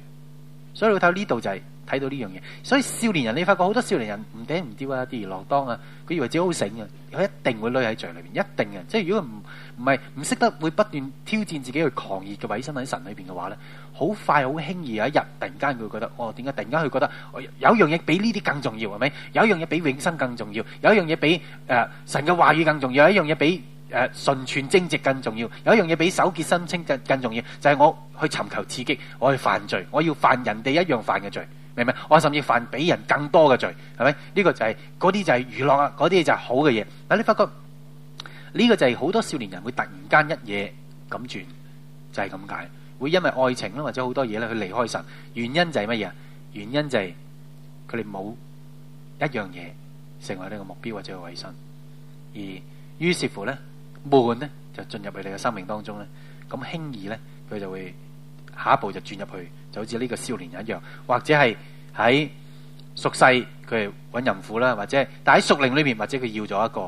[SPEAKER 1] 所以老睇到呢度就係、是、睇到呢樣嘢，所以少年人，你發覺好多少年人唔頂唔吊啊，啲而落當啊，佢以為自己好醒啊，佢一定會累喺罪裏邊一定啊。即係如果唔唔係唔識得會不斷挑戰自己去狂熱嘅委身喺神裏邊嘅話咧，好快好輕易有一日突然間佢會覺得哦，點解突然間佢覺得有一樣嘢比呢啲更重要係咪？有一樣嘢比永生更重要，有一樣嘢比誒、呃、神嘅話語更重要，有一樣嘢比。誒、啊，純全正直更重要，有一樣嘢比守潔身清更更重要，就係、是、我去尋求刺激，我去犯罪，我要犯人哋一樣犯嘅罪，明唔明？我甚至犯比人更多嘅罪，係咪？呢、這個就係嗰啲就係娛樂啊，嗰啲就係好嘅嘢。但你發覺呢、這個就係好多少年人會突然間一夜咁轉，就係咁解，會因為愛情啦或者好多嘢呢去離開神。原因就係乜嘢？原因就係佢哋冇一樣嘢成為呢個目標或者個偉生而於是乎咧。悶咧就進入佢哋嘅生命當中咧，咁輕易咧佢就會下一步就轉入去，就好似呢個少年人一樣，或者係喺屬世佢搵淫婦啦，或者但喺屬靈裏面，或者佢要咗一個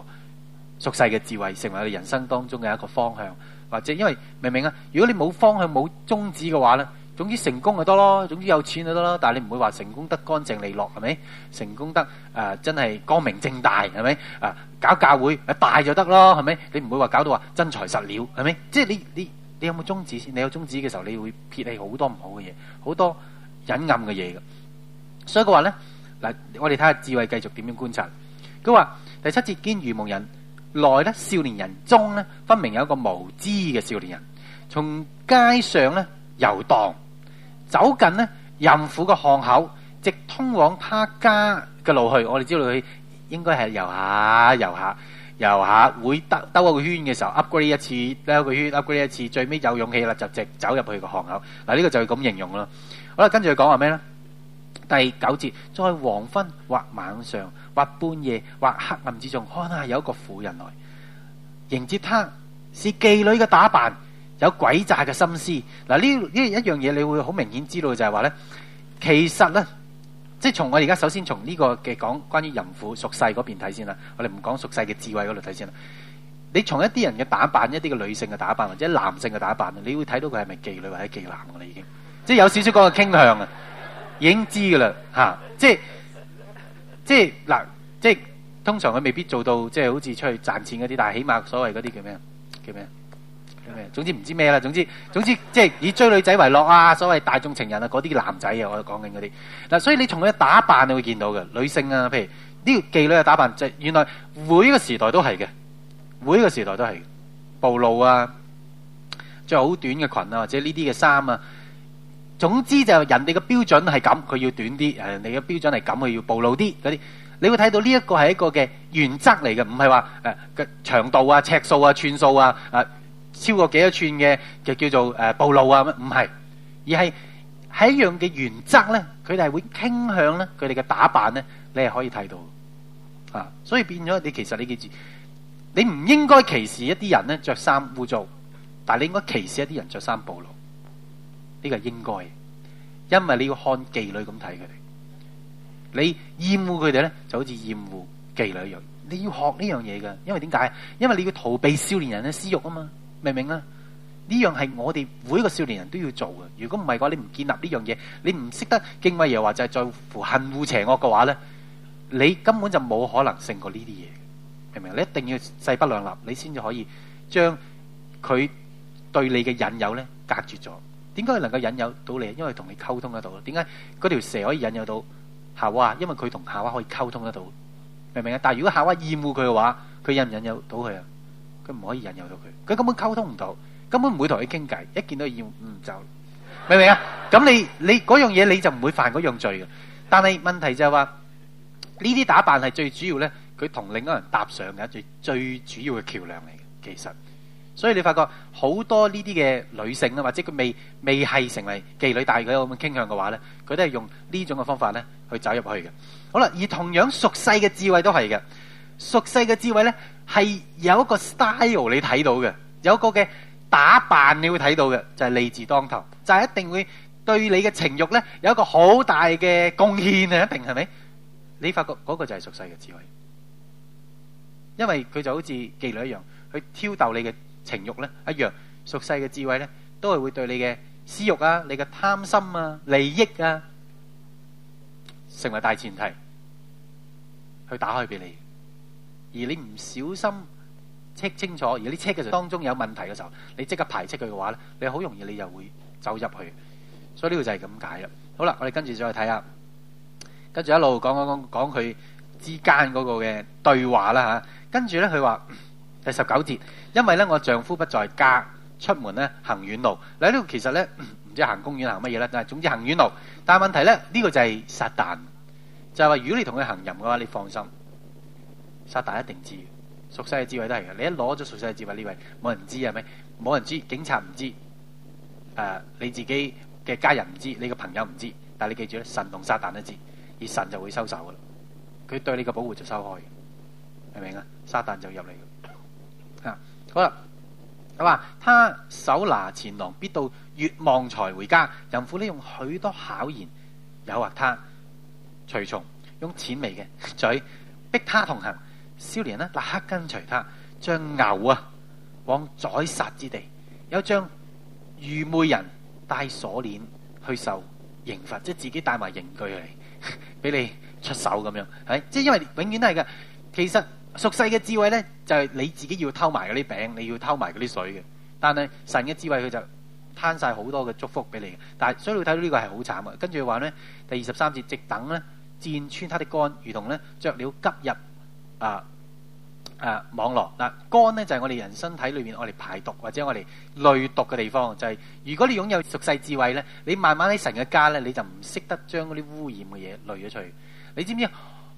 [SPEAKER 1] 屬世嘅智慧，成為你人生當中嘅一個方向，或者因為明唔明啊？如果你冇方向冇宗旨嘅話咧。總之成功就多咯，總之有錢就得咯。但係你唔會話成功得乾淨利落，係咪？成功得誒，真係光明正大，係咪？啊，搞教會誒大就得咯，係咪？你唔會話搞到話真材實料，係咪？即係你你你有冇宗旨先？你有宗旨嘅時候，你會撇棄好多唔好嘅嘢，好多隱暗嘅嘢嘅。所以佢話咧，嗱，我哋睇下智慧繼續點樣觀察。佢話第七節，見愚蒙人內咧，少年人中咧，分明有一個無知嘅少年人，從街上咧遊蕩。走近呢，淫婦嘅巷口，直通往他家嘅路去。我哋知道佢應該係遊下遊下遊下，會兜兜一個圈嘅時候，upgrade 一次，兜一個圈，upgrade 一次，最尾有勇氣啦，就直走入去個巷口。嗱，呢個就係咁形容咯。好啦，跟住佢講話咩呢？第九節，在黃昏或晚上或半夜或黑暗之中，看下有一個婦人來迎接他，是妓女嘅打扮有詭詐嘅心思嗱，呢呢一樣嘢你會好明顯知道就係話咧，其實咧，即係從我而家首先從呢個嘅講關於淫婦熟勢嗰邊睇先啦，我哋唔講熟勢嘅智慧嗰度睇先啦。你從一啲人嘅打扮，一啲嘅女性嘅打扮或者男性嘅打扮，你會睇到佢係咪妓女或者是妓男㗎喇。已經即係有少少嗰個傾向啊，已經知㗎喇嚇，即係即係嗱，即係通常佢未必做到即係好似出去賺錢嗰啲，但係起碼所謂嗰啲叫咩叫咩總之唔知咩啦，總之總之即係以追女仔為樂啊，所謂大眾情人啊，嗰啲男仔啊，我都講緊嗰啲嗱，所以你從佢嘅打扮你會見到嘅女性啊，譬如呢個妓女嘅打扮，即係原來每個時代都係嘅，每個時代都係暴露啊，着好短嘅裙啊，或者呢啲嘅衫啊，總之就人哋嘅標準係咁，佢要短啲，誒，你嘅標準係咁，佢要暴露啲嗰啲，你會睇到呢一個係一個嘅原則嚟嘅，唔係話誒嘅長度啊、尺數啊、寸數啊啊。呃呃呃超過幾多寸嘅就叫做誒暴露啊？唔係，而係一樣嘅原則咧，佢哋係會傾向咧，佢哋嘅打扮咧，你係可以睇到啊。所以變咗你其實你記住，你唔應該歧視一啲人咧著衫污糟，但係你應該歧視一啲人著衫暴露。呢個係應該嘅，因為你要看妓女咁睇佢哋，你厭惡佢哋咧就好似厭惡妓女一樣。你要學呢樣嘢嘅，因為點解？因為你要逃避少年人嘅私欲啊嘛。明唔明啊？呢樣係我哋每一個少年人都要做嘅。如果唔係嘅話，你唔建立呢樣嘢，你唔識得敬畏耶和華，就係在乎恨惡邪惡嘅話咧，你根本就冇可能勝過呢啲嘢。明唔明？你一定要勢不兩立，你先至可以將佢對你嘅引誘咧隔絕咗。點解能夠引誘到你？因為同你溝通得到。點解嗰條蛇可以引誘到夏娃？因為佢同夏娃可以溝通得到。明唔明啊？但係如果夏娃厭惡佢嘅話，佢引唔引誘到佢啊？佢唔可以引誘到佢，佢根本溝通唔到，根本唔會同佢傾偈。一見到要唔就不走， 明唔明啊？咁你你嗰樣嘢你就唔會犯嗰樣罪嘅。但係問題就係、是、話，呢啲打扮係最主要呢，佢同另一外人搭上嘅最最主要嘅橋梁嚟嘅。其實，所以你發覺好多呢啲嘅女性啊，或者佢未未係成為妓女，但係佢有咁嘅傾向嘅話呢，佢都係用呢種嘅方法呢去走入去嘅。好啦，而同樣屬世嘅智慧都係嘅，屬世嘅智慧呢。係有一個 style 你睇到嘅，有一個嘅打扮你會睇到嘅，就係利字當頭，就係一定會對你嘅情欲咧有一個好大嘅貢獻啊！一定係咪？你發覺嗰個就係俗世嘅智慧，因為佢就好似妓女一樣，去挑逗你嘅情欲咧一樣。俗世嘅智慧咧，都係會對你嘅私欲啊、你嘅貪心啊、利益啊，成為大前提去打開俾你。而你唔小心 check 清楚，而你 check 嘅時候，當中有問題嘅時候，你即刻排斥佢嘅話咧，你好容易你就會走入去。所以呢個就係咁解啦。好啦，我哋跟住再睇下，跟住一路講講講講佢之間嗰個嘅對話啦吓。跟住咧佢話第十九節，因為咧我丈夫不在家，出門咧行遠路。嗱呢個其實咧唔知行公園行乜嘢啦，但係總之行遠路。但係問題咧呢個就係撒旦，就係話如果你同佢行淫嘅話，你放心。撒旦一定知的，屬世嘅智慧都係嘅。你一攞咗屬世嘅智慧呢位，冇人知係咪？冇人知，警察唔知，誒、呃，你自己嘅家人唔知，你嘅朋友唔知。但係你記住咧，神同撒旦都知，而神就會收手噶啦。佢對你嘅保護就收開，明唔明啊？撒旦就入嚟嘅、啊。好啦，佢話：「他手拿錢囊，必到月望才回家。淫婦呢用許多巧言誘惑他，隨從用諂媚嘅嘴逼他同行。少年咧，立刻跟隨他，將牛啊往宰殺之地，有將愚昧人帶鎖鏈去受刑罰，即係自己帶埋刑具嚟俾你出手咁樣。即係因為永遠都係嘅。其實屬世嘅智慧呢，就係你自己要偷埋嗰啲餅，你要偷埋嗰啲水嘅。但係神嘅智慧，佢就攤晒好多嘅祝福俾你嘅。但係所以你睇到呢個係好慘嘅。跟住話呢，第二十三節，直等呢箭穿他的肝，如同呢雀鳥急入。啊啊！網絡嗱，肝、啊、咧就係、是、我哋人身體裏面，我哋排毒或者我哋濾毒嘅地方，就係、是、如果你擁有俗世智慧咧，你慢慢喺成個家咧，你就唔識得將嗰啲污染嘅嘢濾咗出去。你知唔知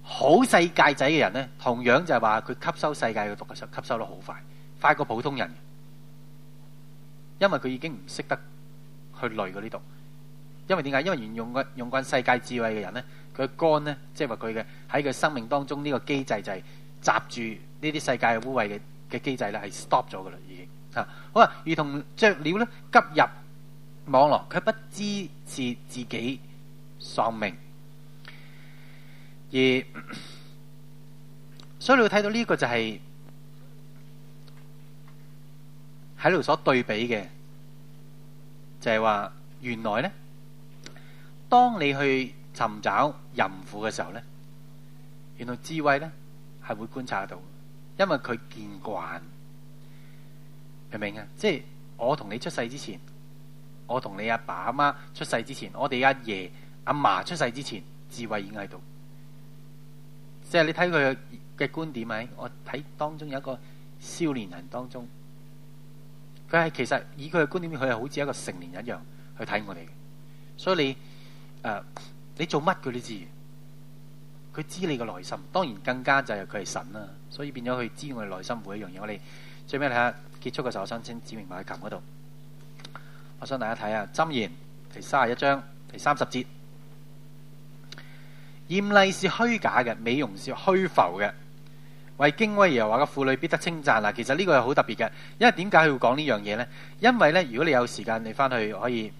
[SPEAKER 1] 好世界仔嘅人咧，同樣就係話佢吸收世界嘅毒嘅時候吸收得好快，快過普通人，因為佢已經唔識得去濾嗰啲毒。因為點解？因為用過用慣世界智慧嘅人咧。佢肝咧，即係話佢嘅，喺佢生命當中呢個機制就係閘住呢啲世界嘅污穢嘅嘅機制咧，係 stop 咗噶啦，已經吓。好啦，如同雀鳥咧，急入網絡，佢不知是自己喪命，而所以你會睇到呢個就係喺度所對比嘅，就係話原來咧，當你去。尋找淫婦嘅時候呢，原來智慧呢係會觀察到，因為佢見慣，明唔明啊？即係我同你出世之前，我同你阿爸阿媽出世之前，我哋阿爺阿嫲出世之前，智慧已經喺度。即係你睇佢嘅觀點喺我睇當中有一個少年人當中，佢係其實以佢嘅觀點，佢係好似一個成年人一樣去睇我哋。所以你誒。呃你做乜佢都知，佢知你個內心。當然更加就係佢係神啦、啊，所以變咗佢知我哋內心每一樣嘢。我哋最尾睇下結束嘅時候，我想先指明埋喺琴嗰度。我想大家睇下，箴言第三十一章第三十節，艷麗是虛假嘅，美容是虛浮嘅。為敬畏耶和華嘅婦女必得稱讚啦。其實呢個係好特別嘅，因為點解佢會講呢樣嘢呢？因為呢，如果你有時間，你翻去可以。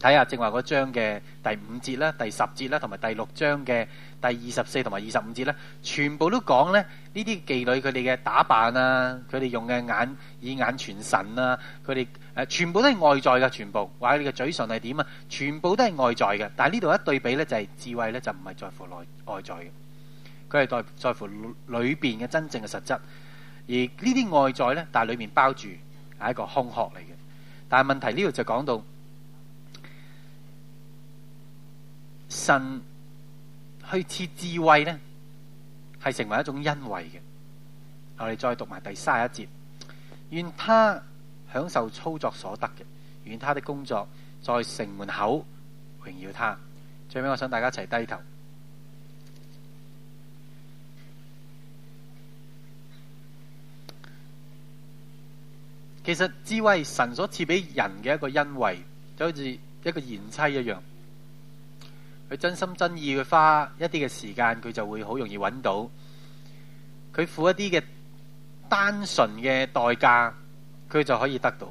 [SPEAKER 1] 睇下正話嗰章嘅第五節啦、第十節啦，同埋第六章嘅第二十四同埋二十五節咧，全部都講咧呢啲妓女佢哋嘅打扮啊，佢哋用嘅眼以眼傳神啊，佢哋誒全部都係外在嘅全部，話你嘅嘴唇係點啊，全部都係外在嘅。但係呢度一對比咧、就是，就係智慧咧就唔係在乎內外在嘅，佢係在在乎裏邊嘅真正嘅實質。而呢啲外在咧，但係裏面包住係一個空殼嚟嘅。但係問題呢度就講到。神去賜智慧呢，係成為一種恩惠嘅。我哋再讀埋第三十一節，願他享受操作所得嘅，願他的工作在城門口榮耀他。最尾我想大家一齊低頭。其實智慧神所賜俾人嘅一個恩惠，就好似一個賢妻一樣。佢真心真意去花一啲嘅時間，佢就會好容易揾到。佢付一啲嘅單純嘅代價，佢就可以得到。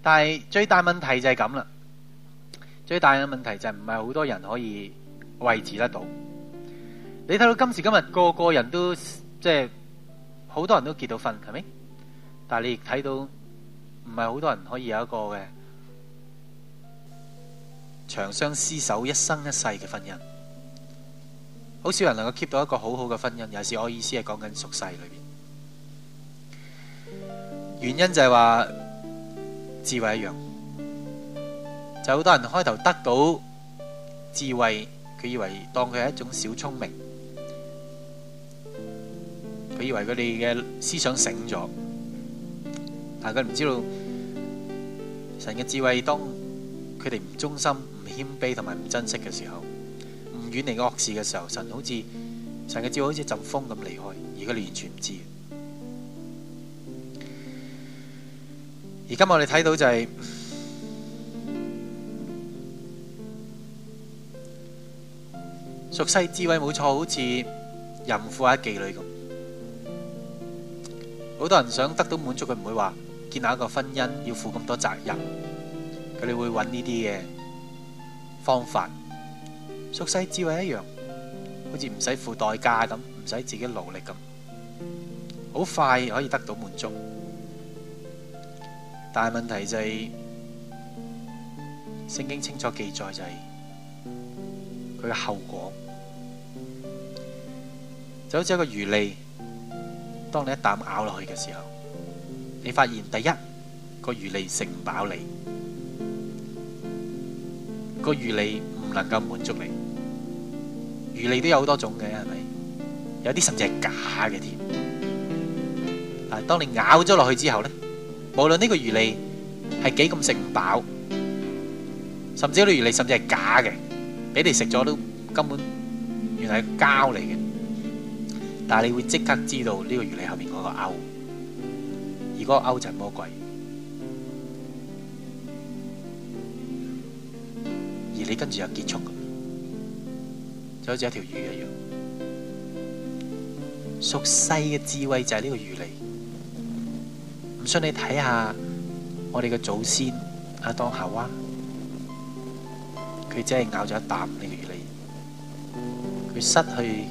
[SPEAKER 1] 但係最大問題就係咁啦。最大嘅問題就係唔係好多人可以維持得到。你睇到今時今日個個人都即係好多人都結到婚係咪？但係你亦睇到唔係好多人可以有一個嘅。長相廝守一生一世嘅婚姻，好少人能夠 keep 到一個好好嘅婚姻。尤其是我意思係講緊俗世裏邊，原因就係話智慧一樣，就好、是、多人開頭得到智慧，佢以為當佢係一種小聰明，佢以為佢哋嘅思想醒咗，但佢唔知道神嘅智慧，當佢哋唔忠心。謙卑同埋唔珍惜嘅時候，唔遠離惡事嘅時候，神好似神嘅照好似一陣風咁離開，而佢哋完全唔知。而今天我哋睇到就係屬世智慧冇錯，好似淫婦啊、妓女咁。好多人想得到滿足，佢唔會話建立一個婚姻要負咁多責任，佢哋會搵呢啲嘅。方法，俗世智慧一樣，好似唔使付代價咁，唔使自己努力咁，好快可以得到滿足。但係問題就係、是，聖經清楚記載就係佢嘅後果，就好似一個魚脷，當你一啖咬落去嘅時候，你發現第一個魚脷食唔飽你。個魚餌唔能夠滿足你，魚餌都有好多種嘅，係咪？有啲甚至係假嘅添。但係當你咬咗落去之後咧，無論呢個魚餌係幾咁食唔飽，甚至啲魚餌甚至係假嘅，俾你食咗都根本原來係膠嚟嘅。但係你會即刻知道呢個魚餌後面嗰個鈎，而嗰個鈎就係魔鬼。你跟住又結束噶，就好似一條魚一樣。屬世嘅智慧就係呢個魚餌。唔信你睇下我哋嘅祖先阿當夏娃，佢只係咬咗一啖呢個魚餌，佢失去，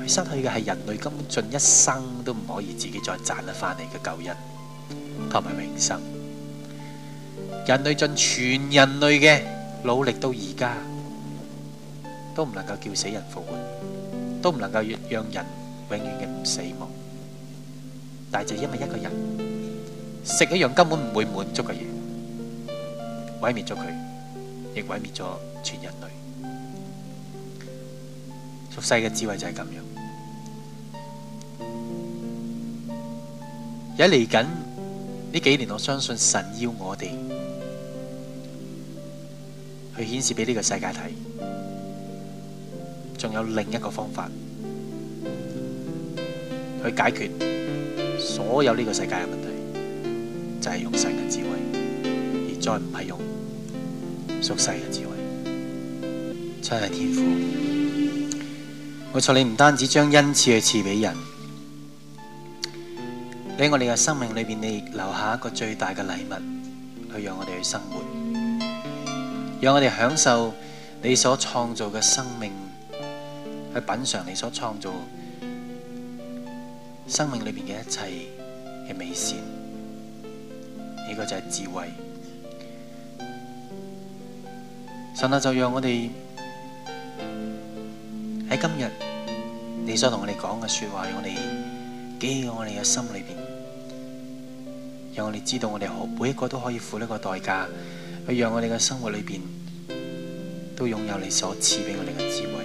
[SPEAKER 1] 佢失去嘅係人類根本盡一生都唔可以自己再賺得翻嚟嘅救恩同埋永生。人類盡全人類嘅。努力到而家，都唔能夠叫死人復活，都唔能夠越讓人永遠嘅唔死亡。但係就是因為一個人食一樣根本唔會滿足嘅嘢，毀滅咗佢，亦毀滅咗全人類。俗世嘅智慧就係咁樣。而家嚟緊呢幾年，我相信神要我哋。去顯示俾呢個世界睇，仲有另一個方法去解決所有呢個世界嘅問題，就係用神嘅智慧，而再唔係用俗世嘅智慧。真係天父，冇錯，你唔單止將恩賜去賜俾人，喺我哋嘅生命裏面，你留下一個最大嘅禮物，去讓我哋去生活。讓我哋享受你所創造嘅生命，去品嘗你所創造生命裏邊嘅一切嘅美善。呢個就係智慧。神啊，就讓我哋喺今日，你所同我哋講嘅說話，讓我哋記喺我哋嘅心裏邊，讓我哋知道我哋每一個都可以付呢個代價。去讓我哋嘅生活裏邊都擁有你所賜俾我哋嘅智慧。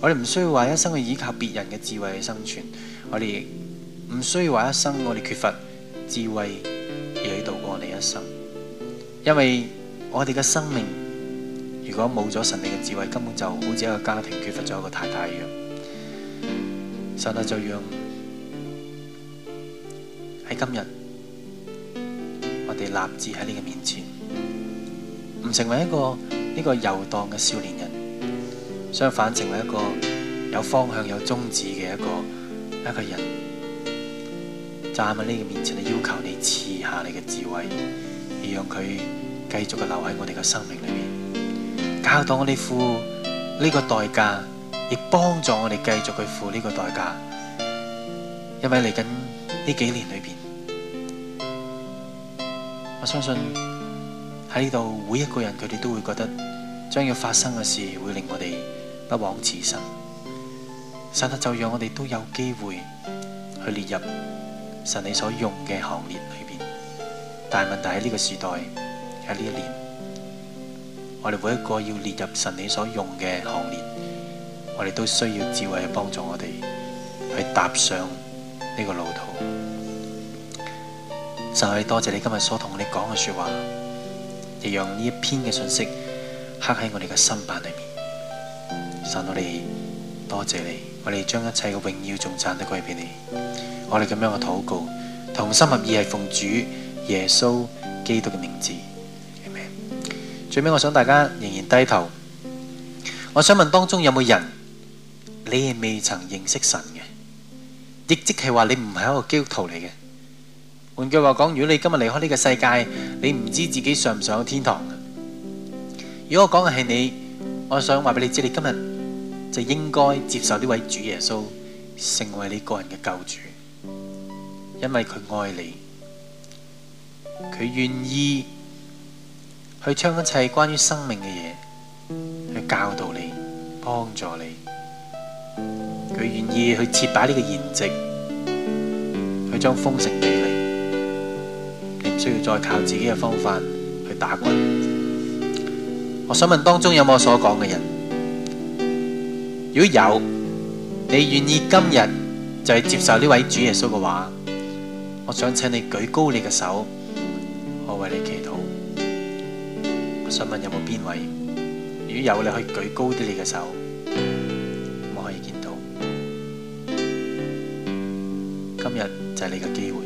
[SPEAKER 1] 我哋唔需要話一生去依靠別人嘅智慧去生存，我哋唔需要話一生我哋缺乏智慧而去度過我哋一生。因為我哋嘅生命如果冇咗神你嘅智慧，根本就好似一個家庭缺乏咗一個太太一樣。神啊，就讓喺今日，我哋立志喺你嘅面前。唔成為一個呢個遊蕩嘅少年人，相反成為一個有方向、有宗旨嘅一個一個人，站喺呢個面前，就要求你賜下你嘅智慧，而讓佢繼續嘅留喺我哋嘅生命裏面。教導我哋付呢個代價，亦幫助我哋繼續去付呢個代價，因為嚟緊呢幾年裏邊，我相信。喺呢度，每一個人佢哋都會覺得將要發生嘅事會令我哋不枉此生。神啊，就讓我哋都有機會去列入神你所用嘅行列裏邊。但係問題喺呢個時代，喺呢一年，我哋每一個要列入神你所用嘅行列，我哋都需要智慧去幫助我哋去踏上呢個路途。神啊，多謝你今日所同我哋講嘅說話。亦讓呢一篇嘅信息刻喺我哋嘅心版裏面，神我哋多謝你，我哋將一切嘅榮耀仲讚得過俾你，我哋咁樣嘅禱告同心合意係奉主耶穌基督嘅名字，Amen。最尾我想大家仍然低頭，我想問當中有冇人你亦未曾認識神嘅，亦即係話你唔係一個基督徒嚟嘅。換句話講，如果你今日離開呢個世界，你唔知自己上唔上天堂。如果我講嘅係你，我想話俾你知，你今日就應該接受呢位主耶穌，成為你個人嘅救主，因為佢愛你，佢願意去將一切關於生命嘅嘢，去教導你，幫助你，佢願意去設擺呢個筵席，去將豐盛俾你。需要再靠自己嘅方法去打滾。我想問當中有冇我所講嘅人？如果有，你願意今日就係接受呢位主耶穌嘅話，我想請你舉高你嘅手，我為你祈禱。我想問有冇邊位？如果有，你可以舉高啲你嘅手，我可以見到。今日就係你嘅機會。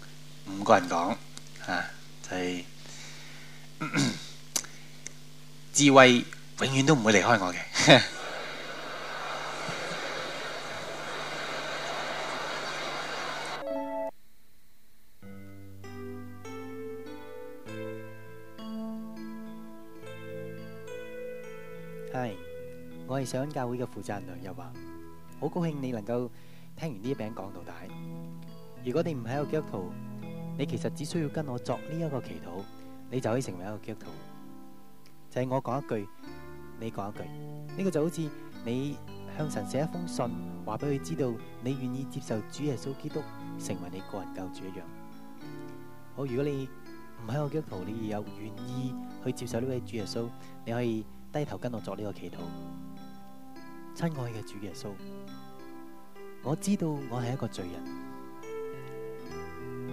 [SPEAKER 1] 五個人講啊，就係智慧永遠都唔會離開我嘅。係，我係上教會嘅負責人，梁日華，好高興你能夠聽完呢餅講到底。如果你唔係個基督徒。你其實只需要跟我作呢一個祈禱，你就可以成為一個基督徒。就係、是、我講一句，你講一句，呢、這個就好似你向神寫一封信，話俾佢知道你願意接受主耶穌基督成為你個人救主一樣。好，如果你唔係一個基督徒，你有願意去接受呢位主耶穌，你可以低頭跟我作呢個祈禱。親愛嘅主耶穌，我知道我係一個罪人。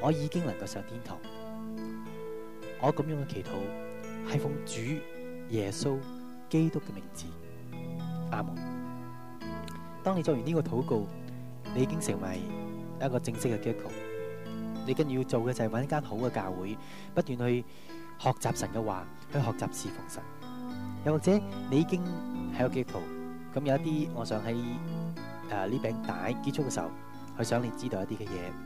[SPEAKER 1] 我已經能夠上天堂。我咁樣嘅祈禱係奉主耶穌基督嘅名字，阿門、嗯。當你做完呢個禱告，你已經成為一個正式嘅基督徒。你跟住要做嘅就係揾一間好嘅教會，不斷去學習神嘅話，去學習侍奉神。又或者你已經係個基督徒，咁有一啲，我想喺誒呢餅帶結束嘅時候，去想你知道一啲嘅嘢。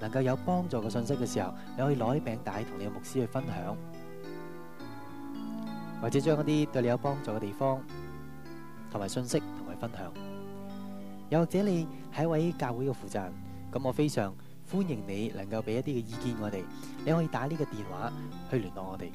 [SPEAKER 1] 能夠有幫助嘅信息嘅時候，你可以攞起餅帶同你嘅牧師去分享，或者將一啲對你有幫助嘅地方同埋信息同佢分享。又或者你係一位教會嘅負責人，咁我非常歡迎你能夠俾一啲嘅意見我哋。你可以打呢個電話去聯絡我哋。